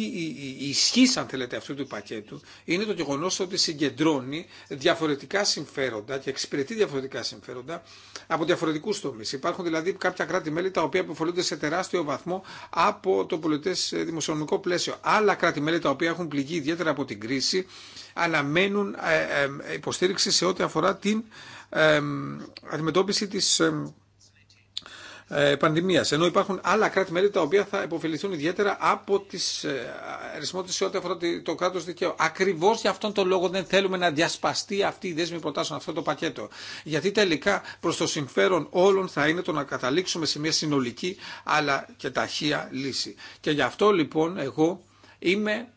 η ισχύ, αν θέλετε, αυτού του πακέτου είναι το γεγονό ότι συγκεντρώνει διαφορετικά συμφέροντα και εξυπηρετεί διαφορετικά συμφέροντα από διαφορετικού τομεί. Υπάρχουν δηλαδή κάποια κράτη-μέλη τα οποία σε τεράστιο βαθμό από το πολιτέ ε, δημοσιονομικό πλαίσιο. Άλλα κράτη-μέλη τα οποία έχουν πληγεί ιδιαίτερα από την κρίση αναμένουν ε, ε, υποστήριξη σε ό,τι αφορά την αντιμετώπιση της ε, πανδημίας. Ενώ υπάρχουν άλλα κράτη-μέλη τα οποία θα υποφεληθούν ιδιαίτερα από τις ε, ρυθμότητε σε ό,τι αφορά το κράτο δικαίου. Ακριβώς για αυτόν τον λόγο δεν θέλουμε να διασπαστεί αυτή η δέσμη προτάσεων, αυτό το πακέτο. Γιατί τελικά προς το συμφέρον όλων θα είναι το να καταλήξουμε σε μια συνολική αλλά και ταχεία λύση. Και γι' αυτό λοιπόν εγώ είμαι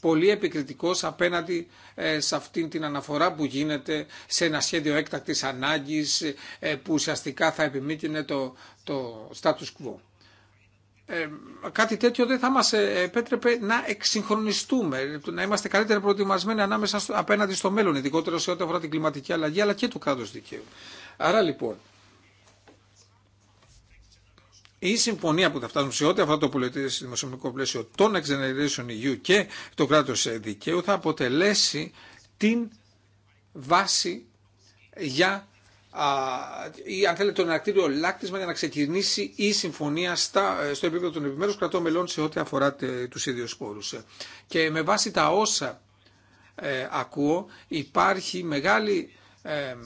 πολύ επικριτικός απέναντι ε, σε αυτήν την αναφορά που γίνεται σε ένα σχέδιο έκτακτης ανάγκης ε, που ουσιαστικά θα επιμήκυνε το, το status quo. Ε, κάτι τέτοιο δεν θα μας ε, επέτρεπε να εξυγχρονιστούμε, να είμαστε καλύτερα προετοιμασμένοι ανάμεσα στο, απέναντι στο μέλλον, ειδικότερα σε ό,τι αφορά την κλιματική αλλαγή, αλλά και το κράτος δικαίου. Άρα λοιπόν, η συμφωνία που θα φτάσουν σε ό,τι αφορά το πολιτικό δημοσιονομικό πλαίσιο των Next Generation e και το κράτος δικαίου θα αποτελέσει την βάση για ή αν θέλετε τον εναρκτήριο λάκτισμα για να ξεκινήσει η συμφωνία στα, στο επίπεδο των επιμέρους κρατών μελών σε ό,τι αφορά τους ίδιους πόρους. Και με βάση τα όσα ε, ακούω υπάρχει μεγάλη ε,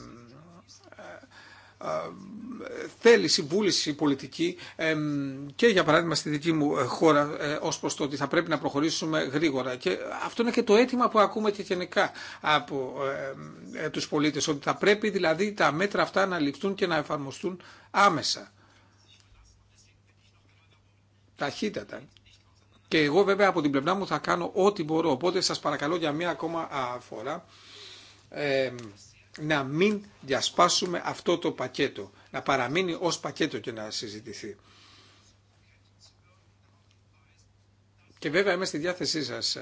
ε, θέληση, βούληση πολιτική και για παράδειγμα στη δική μου ε, χώρα ε, ως προς το ότι θα πρέπει να προχωρήσουμε γρήγορα. Και αυτό είναι και το αίτημα που ακούμε και γενικά από τους πολίτες, ότι θα πρέπει δηλαδή τα μέτρα αυτά να ληφθούν και να εφαρμοστούν άμεσα. Ταχύτατα. Και εγώ βέβαια από την πλευρά μου θα κάνω ό,τι μπορώ. Οπότε σας παρακαλώ για μία ακόμα φορά. Ε, να μην διασπάσουμε αυτό το πακέτο, να παραμείνει ως πακέτο και να συζητηθεί. Και βέβαια είμαι στη διάθεσή σας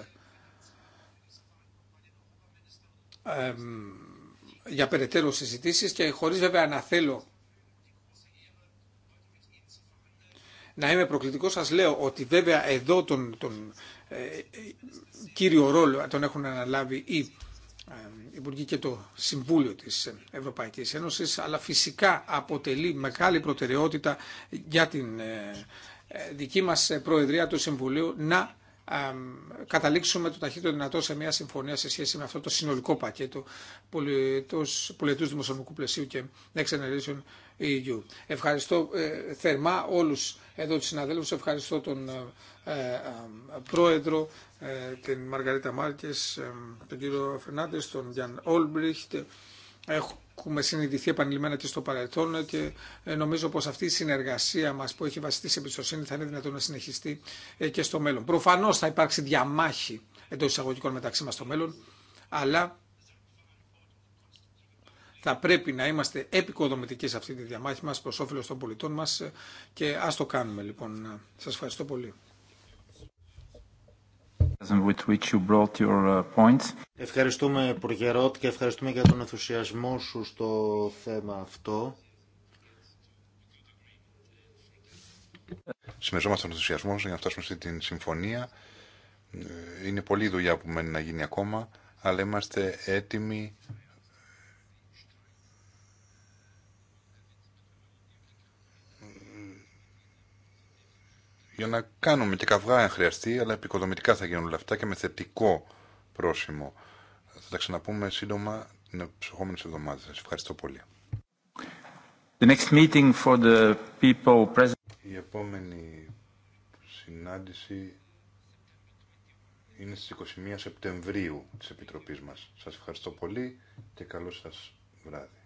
για περαιτέρω συζητήσεις και χωρίς βέβαια να θέλω να είμαι προκλητικός σας λέω ότι βέβαια εδώ τον, τον ε, ε, κύριο ρόλο τον έχουν αναλάβει οι Υπουργή και το Συμβούλιο της Ευρωπαϊκής Ένωσης, αλλά φυσικά αποτελεί μεγάλη προτεραιότητα για την ε, ε, δική μας Προεδρία του Συμβουλίου να ε, καταλήξουμε το ταχύτερο δυνατό σε μια συμφωνία σε σχέση με αυτό το συνολικό πακέτο πολιτούς, δημοσιονομικού πλαισίου και Generation Ευχαριστώ ε, θερμά όλους εδώ τους συναδέλφους, ευχαριστώ τον ε, ε, πρόεδρο, την Μαργαρίτα Μάρκες, τον κύριο Φερνάντες, τον Γιάνν Όλμπριχτ. Έχουμε συνειδηθεί επανειλημμένα και στο παρελθόν και νομίζω πως αυτή η συνεργασία μας που έχει βασιστεί σε εμπιστοσύνη θα είναι δυνατόν να συνεχιστεί και στο μέλλον. Προφανώς θα υπάρξει διαμάχη εντό εισαγωγικών μεταξύ μας στο μέλλον, αλλά θα πρέπει να είμαστε επικοδομητικοί σε αυτή τη διαμάχη μας προς όφελος των πολιτών μας και ας το κάνουμε λοιπόν. Σας ευχαριστώ πολύ. Uh, ευχαριστούμε Πουργερότ και ευχαριστούμε για τον ενθουσιασμό σου στο θέμα αυτό. Συμμεριζόμαστε τον ενθουσιασμό για να φτάσουμε σε συμφωνία. Ε, είναι πολλή δουλειά που μένει να γίνει ακόμα, αλλά είμαστε έτοιμοι για να κάνουμε και καυγά αν χρειαστεί, αλλά επικοδομητικά θα γίνουν όλα αυτά και με θετικό πρόσημο. Θα τα ξαναπούμε σύντομα την επόμενη εβδομάδα. Σας ευχαριστώ πολύ. The next meeting for the people present. Η επόμενη συνάντηση είναι στις 21 Σεπτεμβρίου της Επιτροπής μας. Σας ευχαριστώ πολύ και καλό σας βράδυ.